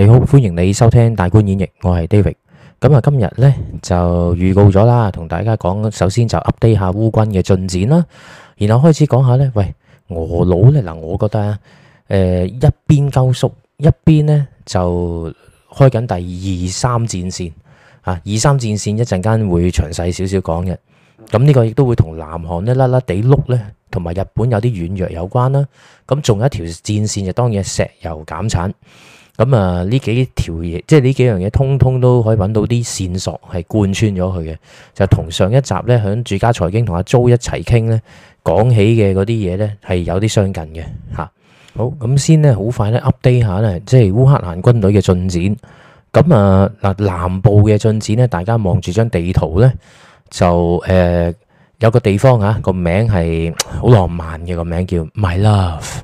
你好，歡迎你收聽大觀演繹。我係 David，咁啊，今日呢，就預告咗啦，同大家講，首先就 update 下烏軍嘅進展啦，然後開始講下呢，喂，俄佬呢？嗱，我覺得誒、呃，一邊收縮，一邊呢就開緊第二三戰綫啊。二三戰綫一陣間會詳細少少講嘅。咁、這、呢個亦都會同南韓呢，甩甩地碌呢，同埋日本有啲軟弱有關啦。咁仲有一條戰綫就當然石油減產。咁啊，呢幾條嘢，即係呢幾樣嘢，通通都可以揾到啲線索，係貫穿咗佢嘅，就同上一集呢，響住家財經同阿 j 一齊傾呢講起嘅嗰啲嘢呢，係有啲相近嘅吓，好、啊，咁先呢，好快呢 update 下呢，即係烏克蘭軍隊嘅進展。咁啊嗱，南部嘅進展呢，大家望住張地圖呢，就誒、呃、有個地方嚇，個、啊、名係好浪漫嘅，個名叫 My Love。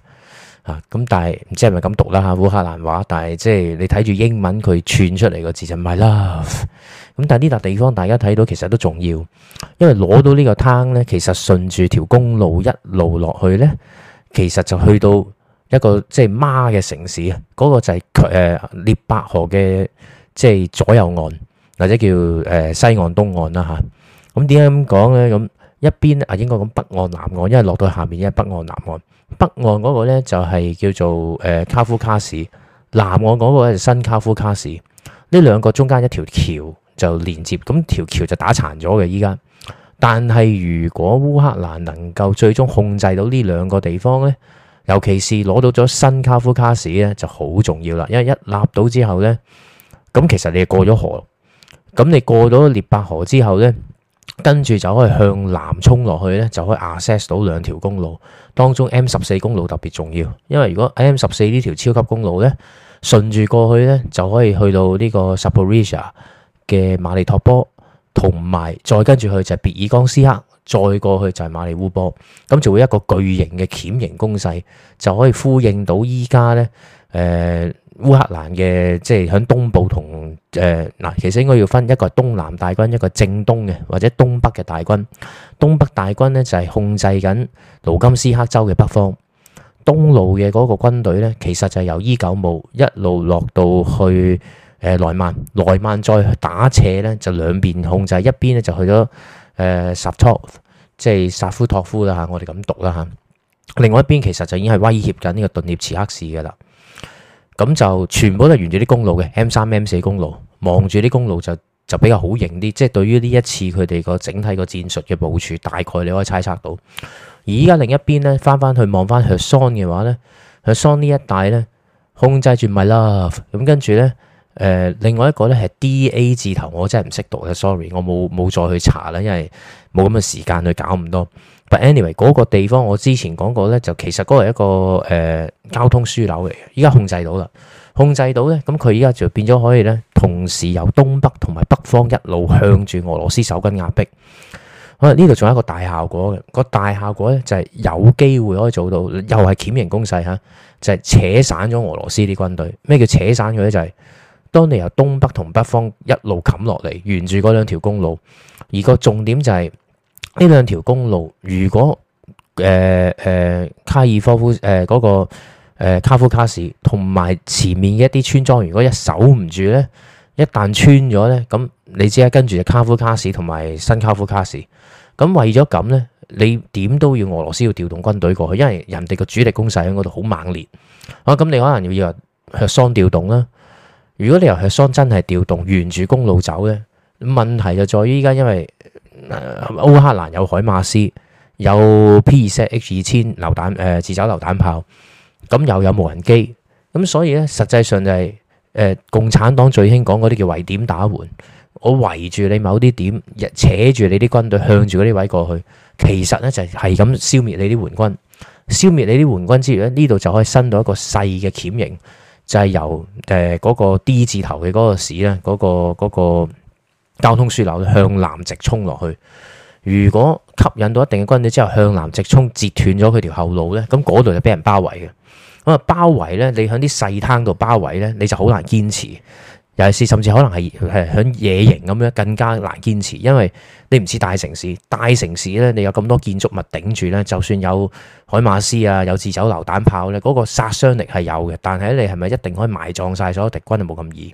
啊，咁但係唔知係咪咁讀啦嚇烏克蘭話，但係即係你睇住英文佢串出嚟個字就唔係 love，咁但係呢笪地方大家睇到其實都重要，因為攞到呢個灘咧，其實順住條公路一路落去咧，其實就去到一個即係媽嘅城市啊，嗰個就係誒聶伯河嘅即係左右岸或者叫誒西岸東岸啦嚇，咁點解咁講咧？咁一邊啊應該講北岸南岸，因為落到下面嘅北岸南岸。北岸嗰個咧就係叫做誒卡夫卡市，南岸嗰個係新卡夫卡市，呢兩個中間一條橋就連接，咁條橋就打殘咗嘅依家。但係如果烏克蘭能夠最終控制到呢兩個地方咧，尤其是攞到咗新卡夫卡市咧，就好重要啦，因為一立到之後咧，咁其實你過咗河，咁你過咗聶伯河之後咧。跟住就可以向南衝落去咧，就可以 assess 到兩條公路，當中 M 十四公路特別重要，因為如果 M 十四呢條超級公路咧，順住過去咧，就可以去到呢個 Zaporizhzhia 嘅馬利托波，同埋再跟住去就係別爾江斯克，再過去就係馬利烏波，咁就會一個巨型嘅鉗形攻勢，就可以呼應到依家咧誒。呃烏克蘭嘅即係喺東部同誒嗱，其實應該要分一個係東南大軍，一個正東嘅或者東北嘅大軍。東北大軍咧就係、是、控制緊盧甘斯克州嘅北方。東路嘅嗰個軍隊咧，其實就係由伊久姆一路落到去誒萊、呃、曼，萊曼再打斜咧就兩邊控制，一邊咧就去咗誒、呃、薩托，即係薩夫托夫啦嚇，我哋咁讀啦嚇。另外一邊其實就已經係威脅緊呢個頓涅茨克市嘅啦。咁就全部都係沿住啲公路嘅 M 三 M 四公路，望住啲公路就就比較好型啲，即係對於呢一次佢哋個整體個戰術嘅部署，大概你可以猜測到。而依家另一邊咧，翻翻去望翻赫桑嘅話咧，赫桑呢一帶咧控制住咪 Love，咁跟住咧。誒，另外一個咧係 D A 字頭，我真係唔識讀嘅。Sorry，我冇冇再去查啦，因為冇咁嘅時間去搞咁多。But anyway，嗰個地方我之前講過咧，就其實嗰個係一個誒、呃、交通樞紐嚟嘅。依家控制到啦，控制到咧，咁佢依家就變咗可以咧，同時由東北同埋北方一路向住俄羅斯守軍壓迫。可能呢度仲有一個大效果嘅、嗰個大效果咧，就係有機會可以做到又係鉗形攻勢嚇，就係、是、扯散咗俄羅斯啲軍隊。咩叫扯散嘅咧？就係、是。當你由東北同北方一路冚落嚟，沿住嗰兩條公路，而個重點就係、是、呢兩條公路。如果誒誒、呃呃、卡爾科夫誒嗰、呃那個、呃、卡夫卡市同埋前面一啲村莊，如果一守唔住咧，一旦穿咗咧，咁你只係啦，跟住就卡夫卡市同埋新卡夫卡市。咁為咗咁咧，你點都要俄羅斯要調動軍隊過去，因為人哋個主力攻勢喺嗰度好猛烈。啊，咁你可能要要雙調動啦。如果你由赫桑真係調動沿住公路走咧，問題就在於依家，因為、呃、歐克蘭有海馬斯、有 PzH 2000榴彈誒自走榴彈炮，咁又有無人機，咁所以咧，實際上就係、是、誒、呃、共產黨最興講嗰啲叫圍點打援，我圍住你某啲點，扯住你啲軍隊向住嗰啲位過去，其實咧就係係咁消滅你啲援軍，消滅你啲援軍之餘咧，呢度就可以伸到一個細嘅鉗形。就係由誒嗰個 D 字頭嘅嗰個市咧，嗰、嗰個嗰個交通樞紐向南直衝落去。如果吸引到一定嘅軍隊之後，向南直衝截斷咗佢條後路咧，咁嗰度就俾人包圍嘅。咁啊包圍咧，你喺啲細灘度包圍咧，你就好難堅持。尤其是甚至可能係係響野營咁樣更加難堅持，因為你唔似大城市，大城市呢，你有咁多建築物頂住呢，就算有海馬斯啊，有自走榴彈炮呢，嗰個殺傷力係有嘅，但係你係咪一定可以埋葬晒所有敵軍就冇咁易？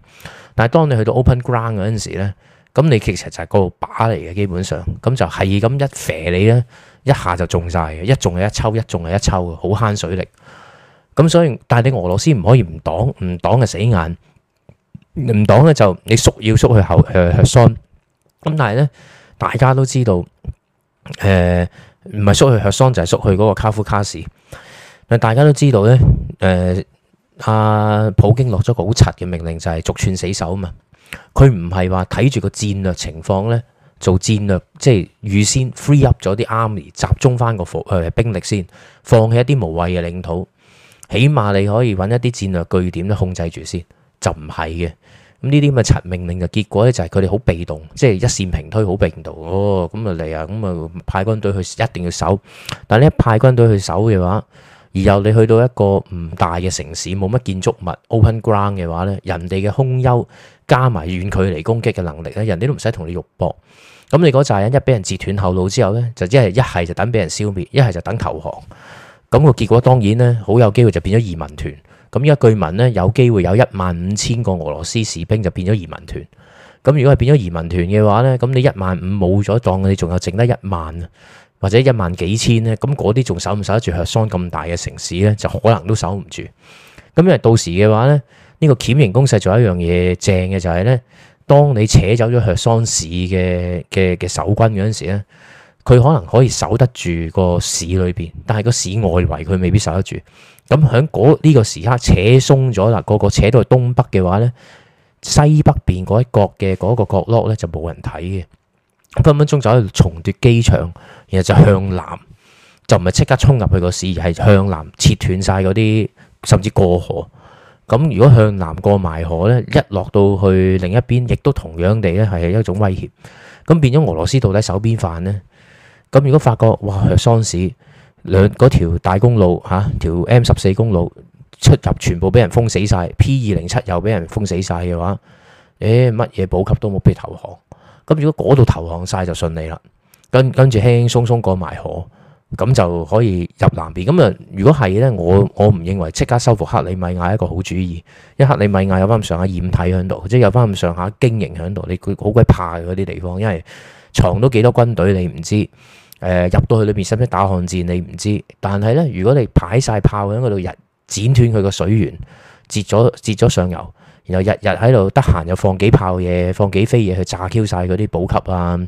但係當你去到 open ground 嗰陣時咧，咁你其實就係個靶嚟嘅，基本上咁就係咁一射你呢，一下就中晒嘅，一中係一抽，一中係一抽嘅，好慳水力。咁所以，但係你俄羅斯唔可以唔擋，唔擋就死硬。唔擋咧，就你縮要縮去後誒赫，咁但係咧，大家都知道，誒唔係縮去赫桑就係、是、縮去嗰個卡夫卡市。但大家都知道咧，誒、呃、阿、啊、普京落咗個好柒嘅命令就係、是、逐串死守啊嘛。佢唔係話睇住個戰略情況咧做戰略，即係預先 free up 咗啲 army 集中翻，那個服誒、呃、兵力先，放棄一啲無謂嘅領土，起碼你可以揾一啲戰略據點咧控制住先。就唔係嘅，咁呢啲咁嘅陳命令嘅結果咧，就係佢哋好被動，即係一線平推好被動哦。咁啊嚟啊，咁啊派軍隊去一定要守，但你一派軍隊去守嘅話，而又你去到一個唔大嘅城市，冇乜建築物，open ground 嘅話咧，人哋嘅空優加埋遠距離攻擊嘅能力咧，人哋都唔使同你肉搏。咁你嗰扎人一俾人截斷後路之後咧，就即係一係就等俾人消滅，一係就等投降。咁個結果當然咧，好有機會就變咗移民團。咁而家據聞咧，有機會有一萬五千個俄羅斯士兵就變咗移民團。咁如果係變咗移民團嘅話咧，咁你一萬五冇咗當，你仲有剩得一萬啊，或者一萬幾千咧？咁嗰啲仲守唔守得住赫桑咁大嘅城市咧？就可能都守唔住。咁因為到時嘅話咧，呢、這個鉗形攻勢仲有一樣嘢正嘅就係咧，當你扯走咗赫桑市嘅嘅嘅守軍嗰陣時咧，佢可能可以守得住個市裏邊，但係個市外圍佢未必守得住。咁喺嗰呢個時刻扯鬆咗啦，個個扯到去東北嘅話呢，西北邊嗰一角嘅嗰個角落呢，就冇人睇嘅，分分鐘就喺度重奪機場，然後就向南，就唔係即刻衝入去個市，而係向南切斷晒嗰啲，甚至過河。咁如果向南過埋河呢，一落到去另一邊，亦都同樣地呢，係一種威脅。咁變咗俄羅斯到底守邊犯呢？咁如果發覺哇喪士！」兩嗰條大公路嚇、啊，條 M 十四公路出入全部俾人封死晒，P 二零七又俾人封死晒嘅話，誒乜嘢補給都冇俾投降。咁、嗯、如果嗰度投降晒就順利啦，跟跟住輕輕鬆鬆過埋河，咁就可以入南邊。咁、嗯、啊，如果係咧，我我唔認為即刻收復克里米亞一個好主意。因為克里米亞有翻咁上下掩體喺度，即係有翻咁上下經營喺度，你佢好鬼怕嗰啲地方，因為藏到幾多軍隊你唔知。誒入到去裏面使唔使打巷戰？你唔知。但係呢，如果你排晒炮喺嗰度，日剪斷佢個水源，截咗截咗上游，然後日日喺度得閒又放幾炮嘢，放幾飛嘢去炸 Q 晒嗰啲補給啊，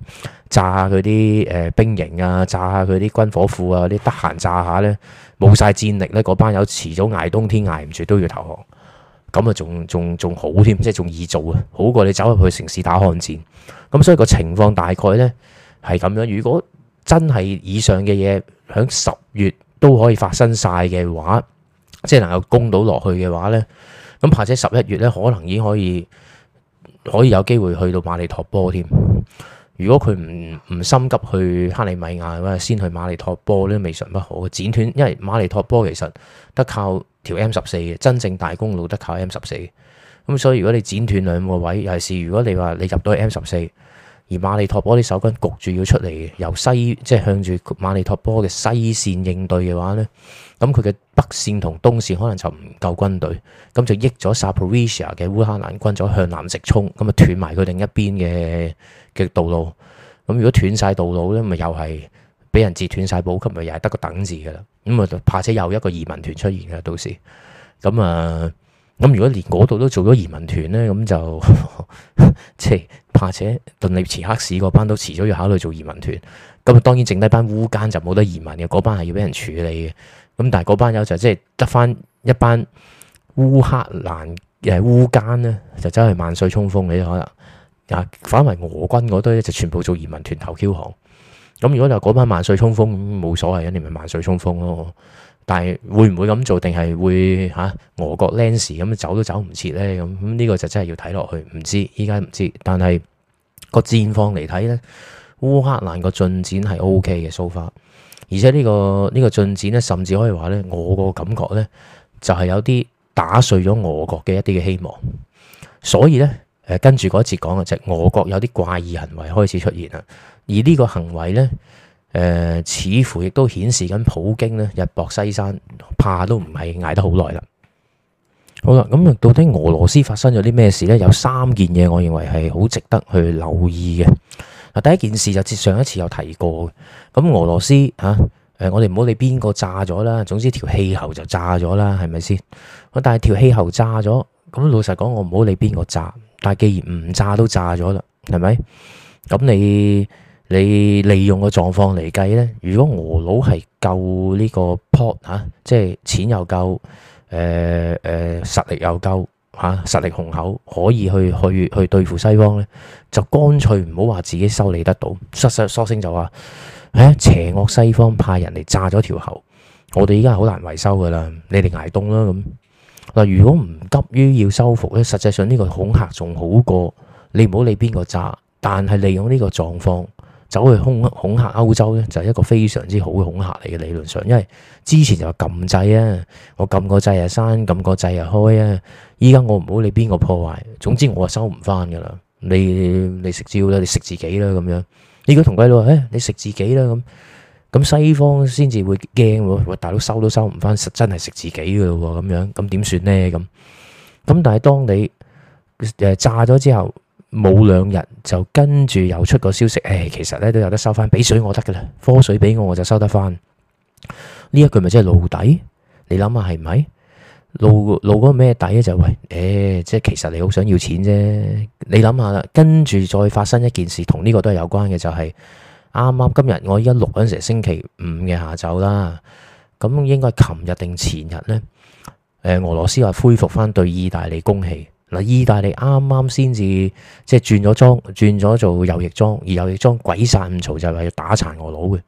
炸下佢啲誒兵營啊，炸下佢啲軍火庫啊，啲得閒炸，啊炸，啊炸下呢，冇晒戰力呢。嗰班友遲早挨冬天挨唔住都要投降。咁啊，仲仲仲好添，即係仲易做啊，好過你走入去城市打巷戰。咁所以個情況大概呢，係咁樣。如果真係以上嘅嘢喺十月都可以發生晒嘅話，即係能夠攻到落去嘅話呢。咁怕者十一月呢，可能已經可以可以有機會去到馬里托波添。如果佢唔唔心急去克里米亞嘅話，先去馬里托波都未嘗不可剪斷，因為馬里托波其實得靠條 M 十四嘅，真正大公路得靠 M 十四。咁所以如果你剪斷兩個位，尤其是如果你話你入到 M 十四。而馬利托波啲守軍焗住要出嚟，由西即係向住馬利托波嘅西線應對嘅話呢，咁佢嘅北線同東線可能就唔夠軍隊，咁就益咗薩普維亞嘅烏克蘭軍，咗向南直衝，咁啊斷埋佢另一邊嘅嘅道路。咁如果斷晒道路呢，咪又係俾人截斷晒補給，咪又係得個等字噶啦。咁啊，怕且又一個移民團出現嘅到時，咁啊。Uh, 咁如果連嗰度都做咗移民團呢，咁就 即係怕且頓涅茨克市嗰班都遲早要考慮做移民團。咁當然剩低班烏奸就冇得移民嘅，嗰班係要俾人處理嘅。咁但係嗰班友就是、即係得翻一班烏克蘭誒烏奸呢，就走去萬歲衝鋒嘅你可能。啊，反為俄軍嗰堆就全部做移民團頭 Q 行。咁如果就嗰班萬歲衝鋒，咁冇所謂啊，一你咪萬歲衝鋒咯。但係會唔會咁做，定係會吓、啊、俄國 l a n s 咁走都走唔切咧？咁咁呢個就真係要睇落去，唔知依家唔知。但係個戰況嚟睇咧，烏克蘭個進展係 O K 嘅 so far，而且呢、這個呢、這個進展咧，甚至可以話咧，我個感覺咧就係有啲打碎咗俄國嘅一啲嘅希望。所以咧，誒跟住嗰一節講嘅就係、是、俄國有啲怪異行為開始出現啦，而呢個行為咧。誒、呃，似乎亦都顯示緊普京呢日薄西山，怕都唔係捱得好耐啦。好啦，咁、嗯、到底俄羅斯發生咗啲咩事呢？有三件嘢，我認為係好值得去留意嘅。第一件事就接上一次有提過嘅。咁、嗯、俄羅斯嚇、啊呃，我哋唔好理邊個炸咗啦，總之條氣喉就炸咗啦，係咪先？但係條氣喉炸咗，咁、嗯、老實講，我唔好理邊個炸，但係既然唔炸都炸咗啦，係咪？咁你？你利用嘅狀況嚟計呢？如果俄佬係夠呢個 pot 嚇、啊，即係錢又夠，誒、呃、誒、呃、實力又夠嚇、啊，實力雄厚，可以去去去對付西方咧，就乾脆唔好話自己修理得到。索索性就話：誒、啊、邪惡西方派人嚟炸咗條喉，我哋依家好難維修噶啦。你哋挨冬捱凍啦咁嗱。如果唔急於要修復咧，實際上呢個恐嚇仲好過你唔好理邊個炸，但係利用呢個狀況。走去恐恐嚇歐洲咧，就係一個非常之好恐嚇嚟嘅，理論上，因為之前就話禁制啊，我禁個掣啊閂，禁個掣啊開啊，依家我唔好理邊個破壞，總之我係收唔翻㗎啦，你你食蕉啦，你食自己啦咁樣。依家同鬼佬話誒，你食自己啦咁，咁西方先至會驚喎，大佬收都收唔翻，實真係食自己㗎喎咁樣，咁點算咧咁？咁但係當你誒炸咗之後。冇兩日就跟住又出個消息，誒、哎，其實咧都有得收翻，俾水我得㗎啦，科水俾我我就收得翻。呢一句咪即係露底？你諗下係唔係？露露嗰個咩底咧？就喂，誒、哎，即係其實你好想要錢啫。你諗下啦，跟住再發生一件事，同呢個都係有關嘅，就係啱啱今日我一錄嗰陣時，星期五嘅下晝啦。咁應該係琴日定前日呢？誒、呃，俄羅斯話恢復翻對意大利供氣。嗱，意大利啱啱先至即係轉咗裝，轉咗做右翼裝，而右翼裝鬼殺咁嘈就係話要打殘俄佬嘅。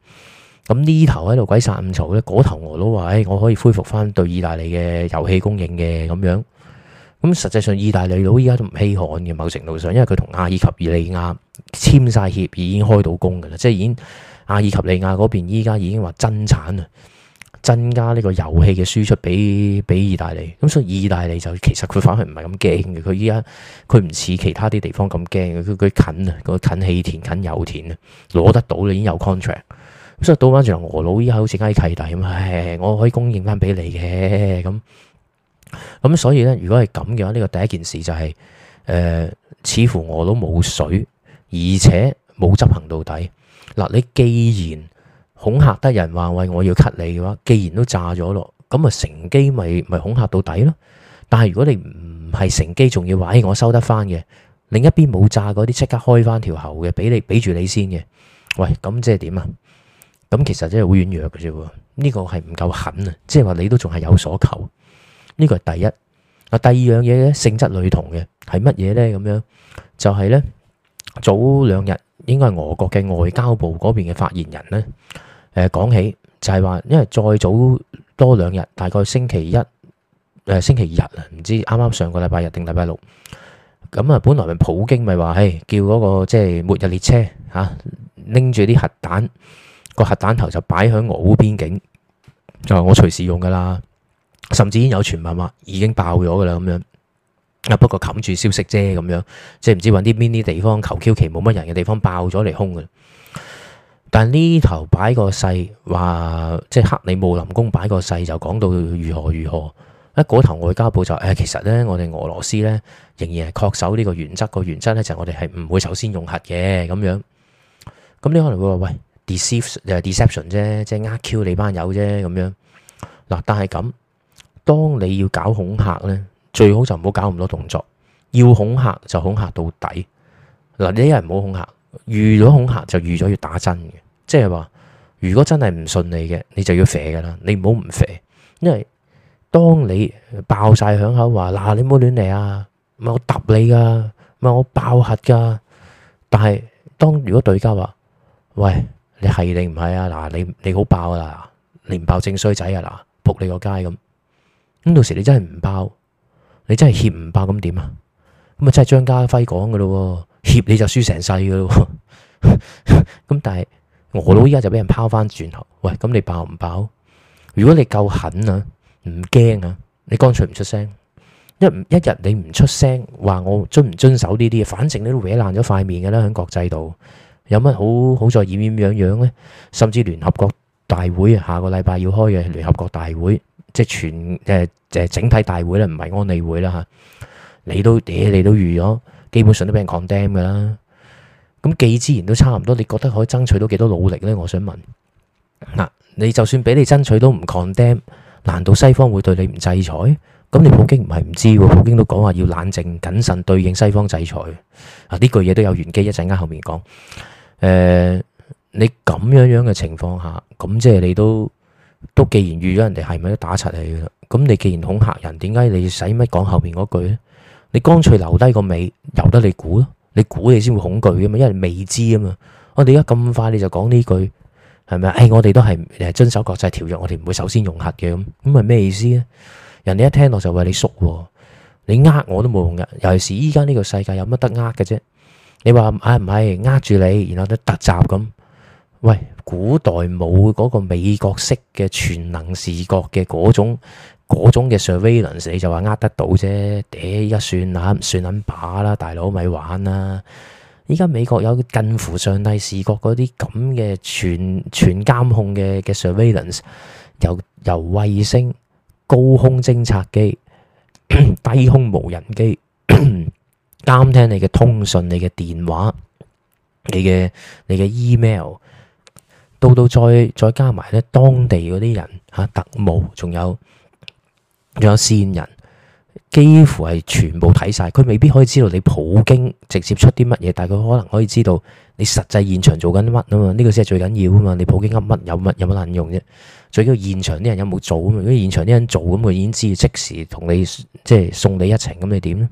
咁呢頭喺度鬼殺咁嘈咧，嗰頭俄佬話：誒、哎，我可以恢復翻對意大利嘅油氣供應嘅咁樣。咁實際上，意大利佬依家都唔稀罕嘅，某程度上，因為佢同阿爾及利亞簽晒協議，已經開到工㗎啦，即係已經阿爾及利亞嗰邊依家已經話增產啊。增加呢個油氣嘅輸出俾俾意大利，咁所以意大利就其實佢反而唔係咁驚嘅，佢依家佢唔似其他啲地方咁驚，佢佢近啊，佢近氣田、近油田啊，攞得到啦已經有 contract，所以倒翻轉俄佬依家好似啲契弟咁，唉，我可以供應翻俾你嘅，咁咁所以咧，如果係咁嘅話，呢、這個第一件事就係、是、誒、呃，似乎俄佬冇水，而且冇執行到底。嗱，你既然恐嚇得人話：喂，我要 cut 你嘅話，既然都炸咗咯，咁啊，乘機咪咪恐嚇到底咯。但係如果你唔係乘機，仲要話、欸、我收得翻嘅，另一邊冇炸嗰啲即刻開翻條喉嘅，俾你俾住你先嘅。喂，咁即係點啊？咁其實真係好軟弱嘅啫，喎呢個係唔夠狠啊！即係話你都仲係有所求，呢個係第一啊。第二樣嘢咧，性質類同嘅係乜嘢咧？咁樣就係、是、咧早兩日應該係俄國嘅外交部嗰邊嘅發言人咧。誒講起就係話，因為再早多兩日，大概星期一、呃、星期日唔知啱啱上個禮拜日定禮拜六。咁啊，本來普京咪話，誒叫嗰個即係末日列車嚇，拎住啲核彈，個核彈頭就擺喺俄烏邊境，啊、就我隨時用噶啦。甚至已經有傳聞話已經爆咗噶啦，咁樣。啊不過冚住消息啫，咁樣即係唔知揾啲邊啲地方求 Q 其冇乜人嘅地方爆咗嚟空嘅。但呢頭擺個勢話，即係克里姆林宮擺個勢，就講到如何如何。一嗰頭外交部就誒，其實咧，我哋俄羅斯咧仍然係確守呢個原則。個原則咧就係我哋係唔會首先用核嘅咁樣。咁你可能會話喂，deceive deception 啫，即係呃 Q 你班友啫咁樣。嗱，但係咁，當你要搞恐嚇咧，最好就唔好搞咁多動作。要恐嚇就恐嚇到底。嗱，你一係唔好恐嚇，預咗恐嚇就預咗要打針嘅。即係話，如果真係唔信你嘅，你就要肥噶啦。你唔好唔肥，因為當你爆晒響口話嗱、啊，你唔好亂嚟啊，唔係我揼你噶，唔係我爆核噶。但係當如果對家話喂，你係定唔係啊？嗱，你你好爆噶啦，你唔爆正衰仔啊？嗱，仆你個街咁咁，到時你真係唔爆，你真係怯唔爆咁點啊？咁啊，真係張家輝講噶咯喎，怯你就輸成世噶咯。咁但係。我都依家就俾人拋翻轉頭，喂！咁你爆唔爆？如果你夠狠啊，唔驚啊，你乾脆唔出聲。一一日你唔出聲，話我遵唔遵守呢啲嘢？反正你都搲爛咗塊面嘅啦，喺國際度有乜好好在醃醃樣樣樣呢？甚至聯合國大會下個禮拜要開嘅聯合國大會，即係全誒、呃、整體大會咧，唔係安理會啦嚇。你都嘢，你都預咗，基本上都俾人 condemn 嘅啦。咁既之然都差唔多，你覺得可以爭取到幾多努力呢？我想問嗱，你就算俾你爭取都唔抗 Dem，難道西方會對你唔制裁？咁你普京唔係唔知喎，普京都講話要冷靜謹慎對應西方制裁啊！呢句嘢都有玄機，一陣間後面講。誒、呃，你咁樣樣嘅情況下，咁即係你都都既然預咗人哋係咪都打柒你嘅，咁你既然恐嚇人，點解你使乜講後面嗰句咧？你乾脆留低個尾，由得你估咯。你估你先會恐懼嘅嘛，因為未知啊嘛。我哋而家咁快你就講呢句，係咪？誒、哎，我哋都係誒遵守國際條約，我哋唔會首先用核嘅，咁，咁係咩意思咧？人哋一聽落就話你縮，你呃我都冇用嘅，尤其是依家呢個世界有乜得呃嘅啫？你話係唔係？呃、哎、住你，然後都突襲咁，喂，古代冇嗰個美國式嘅全能視覺嘅嗰種。嗰種嘅 surveillance，你就話呃得到啫？嗲依家算啦，算撚把啦，大佬咪玩啦。依家美國有近乎上帝視角嗰啲咁嘅全全監控嘅嘅 surveillance，由由衛星、高空偵察機、 低空無人機 監聽你嘅通訊、你嘅電話、你嘅你嘅 email，到到再再加埋咧，當地嗰啲人嚇特務，仲有。仲有線人，幾乎係全部睇晒，佢未必可以知道你普京直接出啲乜嘢，但係佢可能可以知道你實際現場做緊乜啊嘛？呢個先係最緊要啊嘛！你普京噏乜有乜有乜卵用啫？最緊要現場啲人有冇做啊嘛？如果現場啲人做咁，佢已經知即時同你即係送你一程咁，你點咧？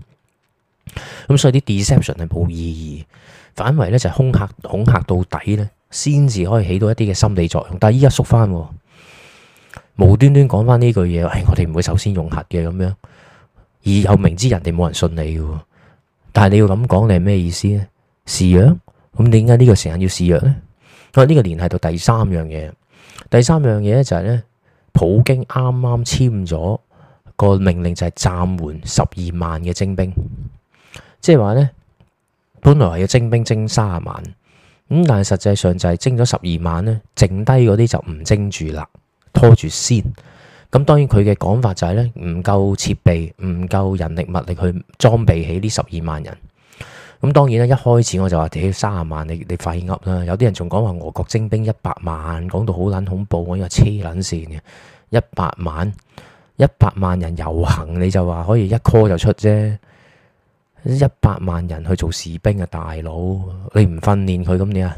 咁所以啲 deception 係冇意義，反為咧就係恐嚇恐嚇到底咧，先至可以起到一啲嘅心理作用。但係依家縮翻。無端端講翻呢句嘢、哎，我哋唔會首先用核嘅咁樣，而又明知人哋冇人信你嘅，但係你要咁講，你係咩意思咧？示弱，咁點解呢個時間要示弱呢？咧、啊？我、這、呢個連係到第三樣嘢，第三樣嘢就係、是、呢：普京啱啱簽咗個命令就暫緩，就係暫緩十二萬嘅徵兵，即係話呢，本來係要徵兵徵三萬，咁但係實際上就係徵咗十二萬呢剩低嗰啲就唔徵住啦。拖住先，咁當然佢嘅講法就係呢：唔夠設備，唔夠人力物力去裝備起呢十二萬人。咁當然咧，一開始我就話，屌卅萬，你你廢噏啦！有啲人仲講話俄國徵兵一百萬，講到好撚恐怖，我以為車撚線嘅一百萬，一百萬人遊行你就話可以一 call 就出啫，一百萬人去做士兵啊，大佬，你唔訓練佢咁點啊？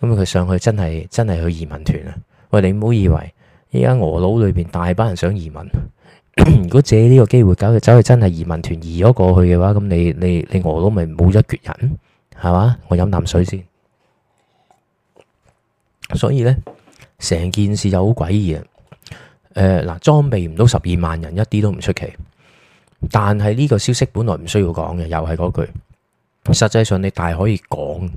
咁佢上去真係真係去移民團啊！喂，你唔好以為。依家俄佬裏邊大班人想移民， 如果借呢個機會搞佢走去真係移民團移咗過去嘅話，咁你你你俄佬咪冇一缺人，係嘛？我飲啖水先。所以呢，成件事就好詭異啊！誒、呃，嗱，裝備唔到十二萬人一啲都唔出奇，但係呢個消息本來唔需要講嘅，又係嗰句。實際上你大可以講，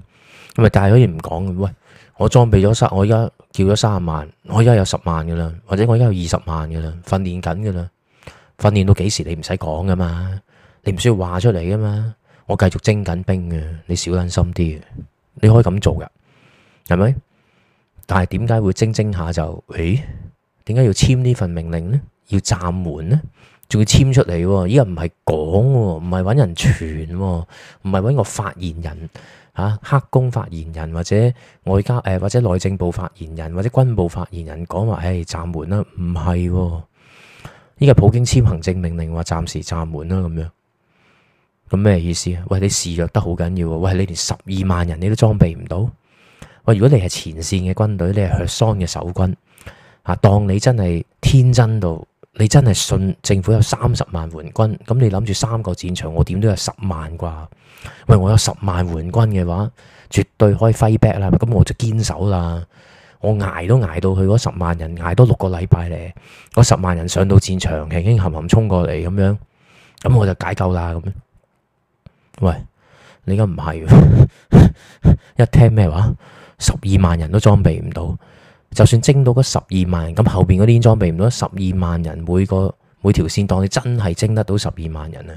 咁啊大可以唔講。喂，我裝備咗失，我而家。叫咗三十萬，我而家有十萬噶啦，或者我而家有二十萬噶啦，訓練緊噶啦，訓練到幾時你唔使講噶嘛，你唔需要話出嚟噶嘛，我繼續徵緊兵嘅，你小心啲，你可以咁做噶，係咪？但係點解會徵徵下就誒？點、欸，解要簽呢份命令呢？要站滿呢？仲要簽出嚟？依家唔係講，唔係揾人傳，唔係揾個發言人。啊，克宮發言人或者外交誒、呃，或者內政部發言人或者軍部發言人講話，誒、欸，暫緩啦，唔係，依家普京簽行政命令話暫時暫緩啦，咁樣，咁咩意思啊？喂，你示弱得好緊要！喂，你連十二萬人你都裝備唔到，喂，如果你係前線嘅軍隊，你係血桑嘅守軍，啊，當你真係天真到，你真係信政府有三十萬援軍，咁你諗住三個戰場，我點都有十萬啩？喂，我有十萬援軍嘅話，絕對可以 fight back 啦，咁我就堅守啦，我挨都挨到去嗰十萬人，挨多六個禮拜咧，嗰十萬人上到戰場，輕輕含含衝過嚟咁樣，咁我就解救啦咁樣。喂，你而家唔係， 一聽咩話？十二萬人都裝備唔到，就算徵到嗰十二萬，咁後邊嗰啲人裝備唔到十二萬人，萬人每個每條線當你真係徵得到十二萬人啊，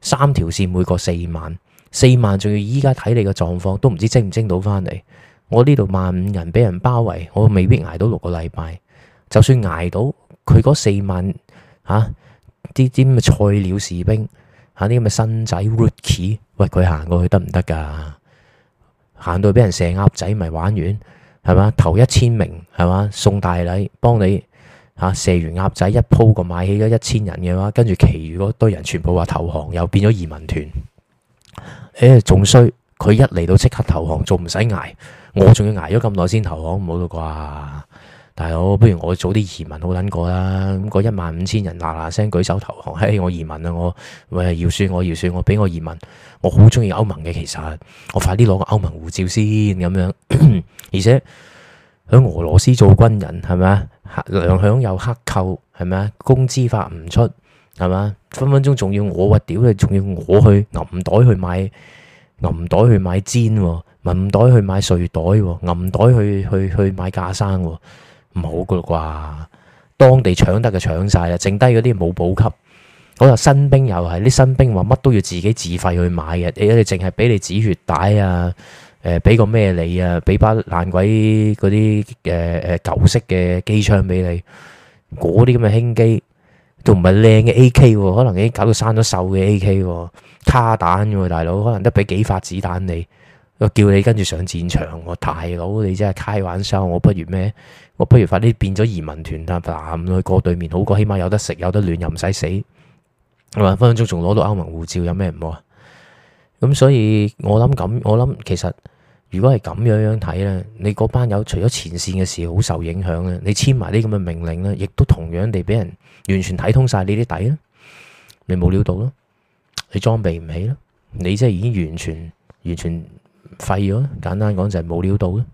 三條線每個四萬。四萬仲要依家睇你個狀況，都唔知徵唔徵到返嚟。我呢度萬五人俾人包圍，我未必捱到六個禮拜。就算捱到，佢嗰四萬嚇啲啲咁嘅菜鳥士兵，嚇啲咁嘅新仔 Rookie，喂，佢行過去得唔得㗎？行到俾人射鴨仔，咪玩完係嘛？頭一千名係嘛，送大禮，幫你嚇射完鴨仔一鋪咁買起咗一千人嘅話，跟住其餘嗰堆人全部話投降，又變咗移民團。誒，仲衰、欸！佢一嚟到即刻投降，仲唔使捱？我仲要捱咗咁耐先投降，唔好啦啩！大佬，不如我早啲移民好捻過啦！咁嗰一萬五千人嗱嗱聲舉手投降，嘿，我移民啦！我喂，饒恕我，我，饒恕我，俾我移民！我好中意歐盟嘅，其實我快啲攞個歐盟護照先咁樣。 而且喺俄羅斯做軍人係咪啊？糧餉又克扣係咪啊？工資發唔出。係嘛？分分鐘仲要我話屌你，仲要我去銀袋去買銀袋去買氈，銀袋去買睡袋，銀袋去去去買架生，唔好㗎啩。當地搶得嘅搶晒啦，剩低嗰啲冇補給。我又新兵又係啲新兵話乜都要自己自費去買嘅，而且淨係俾你止血帶啊，誒俾個咩你啊，俾把爛鬼嗰啲誒誒舊式嘅機槍俾你，嗰啲咁嘅輕機。都唔係靚嘅 AK，可能已經搞到生咗銹嘅 AK，卡彈嘅大佬，可能得俾幾發子彈你，我叫你跟住上戰場，大佬你真係開玩笑，我不如咩？我不如快啲變咗移民團，男女過對面好過，起碼有得食有得暖又唔使死，我話分分鐘仲攞到歐盟護照有，有咩唔好啊？咁所以我諗咁，我諗其實。如果係咁樣樣睇咧，你嗰班友除咗前線嘅事好受影響咧，你簽埋啲咁嘅命令咧，亦都同樣地俾人完全睇通晒。你啲底咧，你冇料到咯，你裝備唔起咯，你即係已經完全完全廢咗。簡單講就係冇料到咯，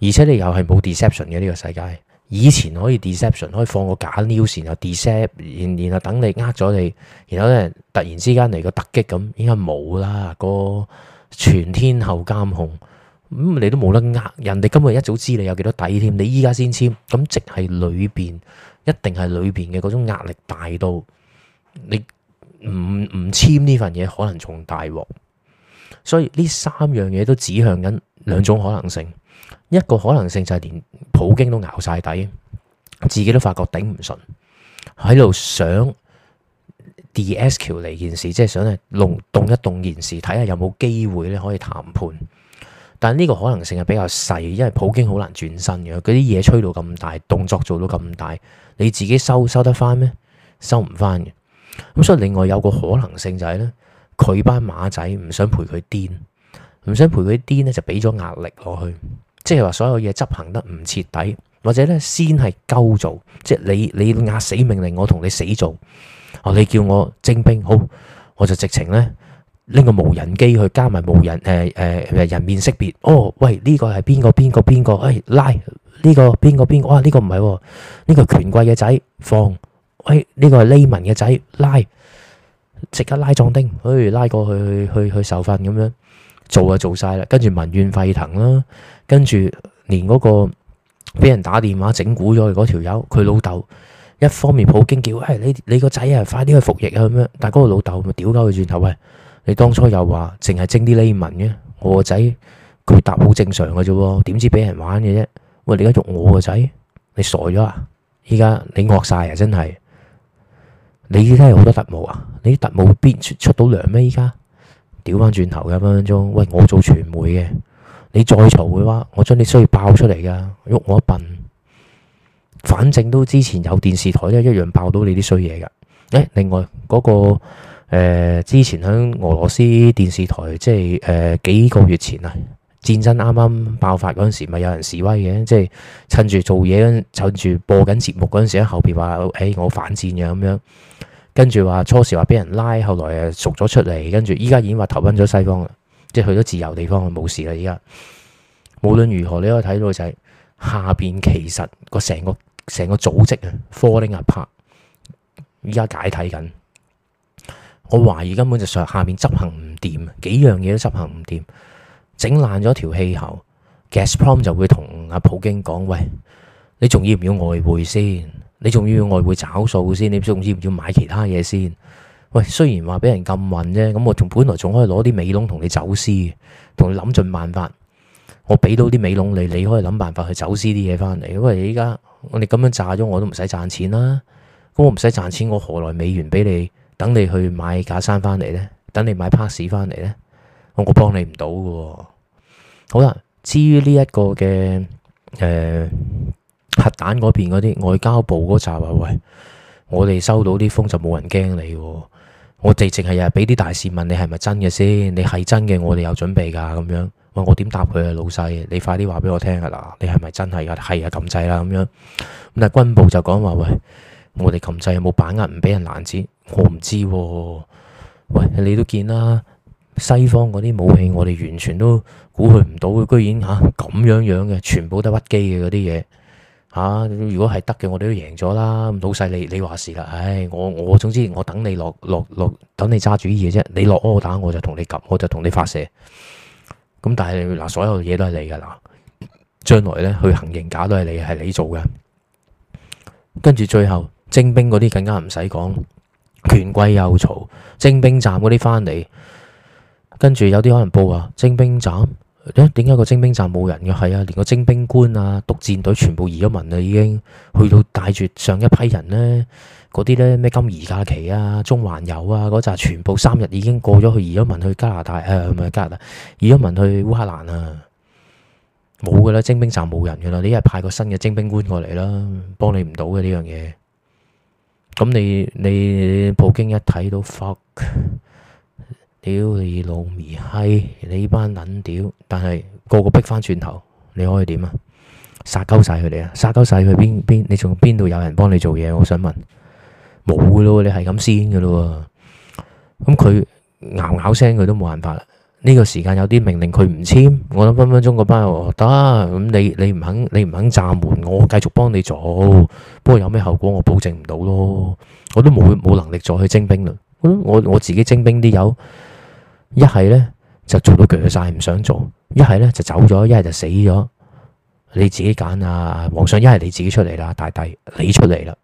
而且你又係冇 deception 嘅呢個世界，以前可以 deception 可以放個假 news 然後 deceive，然然後等你呃咗你，然後咧突然之間嚟個突擊咁，應該冇啦個。全天候監控，咁你都冇得呃人哋，今日一早知你有幾多底添，你依家先簽，咁即係裏邊一定係裏邊嘅嗰種壓力大到，你唔唔簽呢份嘢可能仲大鑊，所以呢三樣嘢都指向緊兩種可能性，一個可能性就係連普京都咬晒底，自己都發覺頂唔順，喺度想。DSQ 嚟件事,即係想嚟弄動一動件事，睇下有冇機會咧可以談判。但係呢個可能性係比較細，因為普京好難轉身嘅。嗰啲嘢吹到咁大，動作做到咁大，你自己收收得翻咩？收唔翻嘅。咁所以另外有個可能性就係咧，佢班馬仔唔想陪佢癲，唔想陪佢癲咧，就俾咗壓力落去，即係話所有嘢執行得唔徹底，或者咧先係鳩做，即係你你壓死命令，我同你死做。哦，你叫我徵兵，好，我就直情咧拎個無人機去加埋無人誒誒、呃呃、人面識別。哦，喂，呢、這個係邊個邊個邊個？誒，拉呢個邊個邊個？哇，呢、這個唔係、哦，呢、這個權貴嘅仔放。誒，呢、這個係蟻民嘅仔拉，即刻拉壯丁，誒、哎，拉過去去去，去受訓咁樣做就做晒啦。跟住民怨沸騰啦、啊，跟住連嗰個俾人打電話整蠱咗嘅嗰條友，佢老豆。一方面普京叫，你你個仔啊，快啲去服役啊咁樣。但係嗰個老豆咪屌鳩佢轉頭，喂，你當初又話淨係徵啲難民嘅，我個仔佢答好正常嘅啫，點知俾人玩嘅啫。喂，你而家喐我個仔，你傻咗啊？依家你惡晒啊，真係！你依家係好多特務啊！你啲特務邊出，出到糧咩？依家屌翻轉頭嘅分分鐘，喂，我做傳媒嘅，你再嘈嘅話，我將你需要爆出嚟噶，喐我一笨！反正都之前有電視台咧一樣爆到你啲衰嘢㗎。誒，另外嗰、那個、呃、之前喺俄羅斯電視台，即係誒、呃、幾個月前啊，戰爭啱啱爆發嗰陣時，咪有人示威嘅，即係趁住做嘢，趁住播緊節目嗰陣時咧，後邊話、哎、我反戰嘅咁樣，跟住話初時話俾人拉，後來誒贖咗出嚟，跟住依家已經話投奔咗西方啦，即係去咗自由地方冇事啦依家。無論如何，你可以睇到就係、是、下邊其實個成個。成個組織啊，falling apart，依家解體緊。我懷疑根本就上下面執行唔掂，幾樣嘢都執行唔掂，整爛咗條氣喉 Gasprom 就會同阿普京講：喂，你仲要唔要外匯先？你仲要外匯找數先？你仲要唔要買其他嘢先？喂，雖然話俾人禁運啫，咁我從本來仲可以攞啲美隆同你走私，同你諗盡辦法，我俾到啲美隆你，你可以諗辦法去走私啲嘢翻嚟。因為依家。你我哋咁樣炸咗，我都唔使賺錢啦。咁我唔使賺錢，我何來美元俾你？等你去買假山翻嚟咧，等你買 pass 翻嚟咧，我我幫你唔到噶。好啦，至於呢一個嘅誒、呃、核彈嗰邊嗰啲外交部嗰集啊，喂，我哋收到啲風就冇人驚你，我哋淨係日日俾啲大使問你係咪真嘅先？你係真嘅，我哋有準備噶咁樣。我點答佢啊，老細，你快啲話俾我聽噶啦。你係咪真係啊？係啊，撳制啦咁樣咁。但係軍部就講話喂，我哋撳制有冇把握唔俾人攔截？我唔知啊。喂，你都見啦，西方嗰啲武器我哋完全都估佢唔到，居然吓咁、啊、樣樣嘅，全部都屈機嘅嗰啲嘢吓。如果係得嘅，我哋都贏咗啦。老細，你你話事啦。唉、哎，我我總之我等你落落落，等你揸主意嘅啫。你落 order，我就同你撳，我就同你發射。咁但係嗱，所有嘢都係你噶啦，將來咧去行刑架都係你，係你做嘅。跟住最後徵兵嗰啲更加唔使講，權貴又嘈徵兵站嗰啲翻嚟，跟住有啲可能報啊，徵兵站，誒，點解個徵兵站冇人嘅？係啊，連個徵兵官啊，督戰隊全部移咗民啦，已經去到帶住上一批人咧。嗰啲咧咩？呢金怡假期啊，中環遊啊，嗰扎全部三日已經過咗去，移咗民去加拿大，誒唔係加拿大，移咗民去烏克蘭啊，冇噶啦，徵兵站冇人噶啦。你一係派個新嘅徵兵官過嚟啦，幫你唔到嘅呢樣嘢。咁你你，你普京一睇到 fuck，屌你老閪，你班撚屌，但係個個逼翻轉頭，你可以點啊？殺鳩晒佢哋啊！殺鳩晒佢邊邊？你仲邊度有人幫你做嘢？我想問。冇噶咯，你係咁先噶咯。咁佢拗拗聲，佢都冇辦法啦。呢個時間有啲命令佢唔簽，我諗分分鐘個班又得。咁你你唔肯你唔肯暫緩，我繼續幫你做。不過有咩後果我保證唔到咯。我都冇冇能力再去徵兵啦。我我我自己徵兵啲友，一係咧就做到攰晒唔想做，一係咧就走咗，一係就死咗。你自己揀啊！皇上一係你自己出嚟啦，大帝你出嚟啦。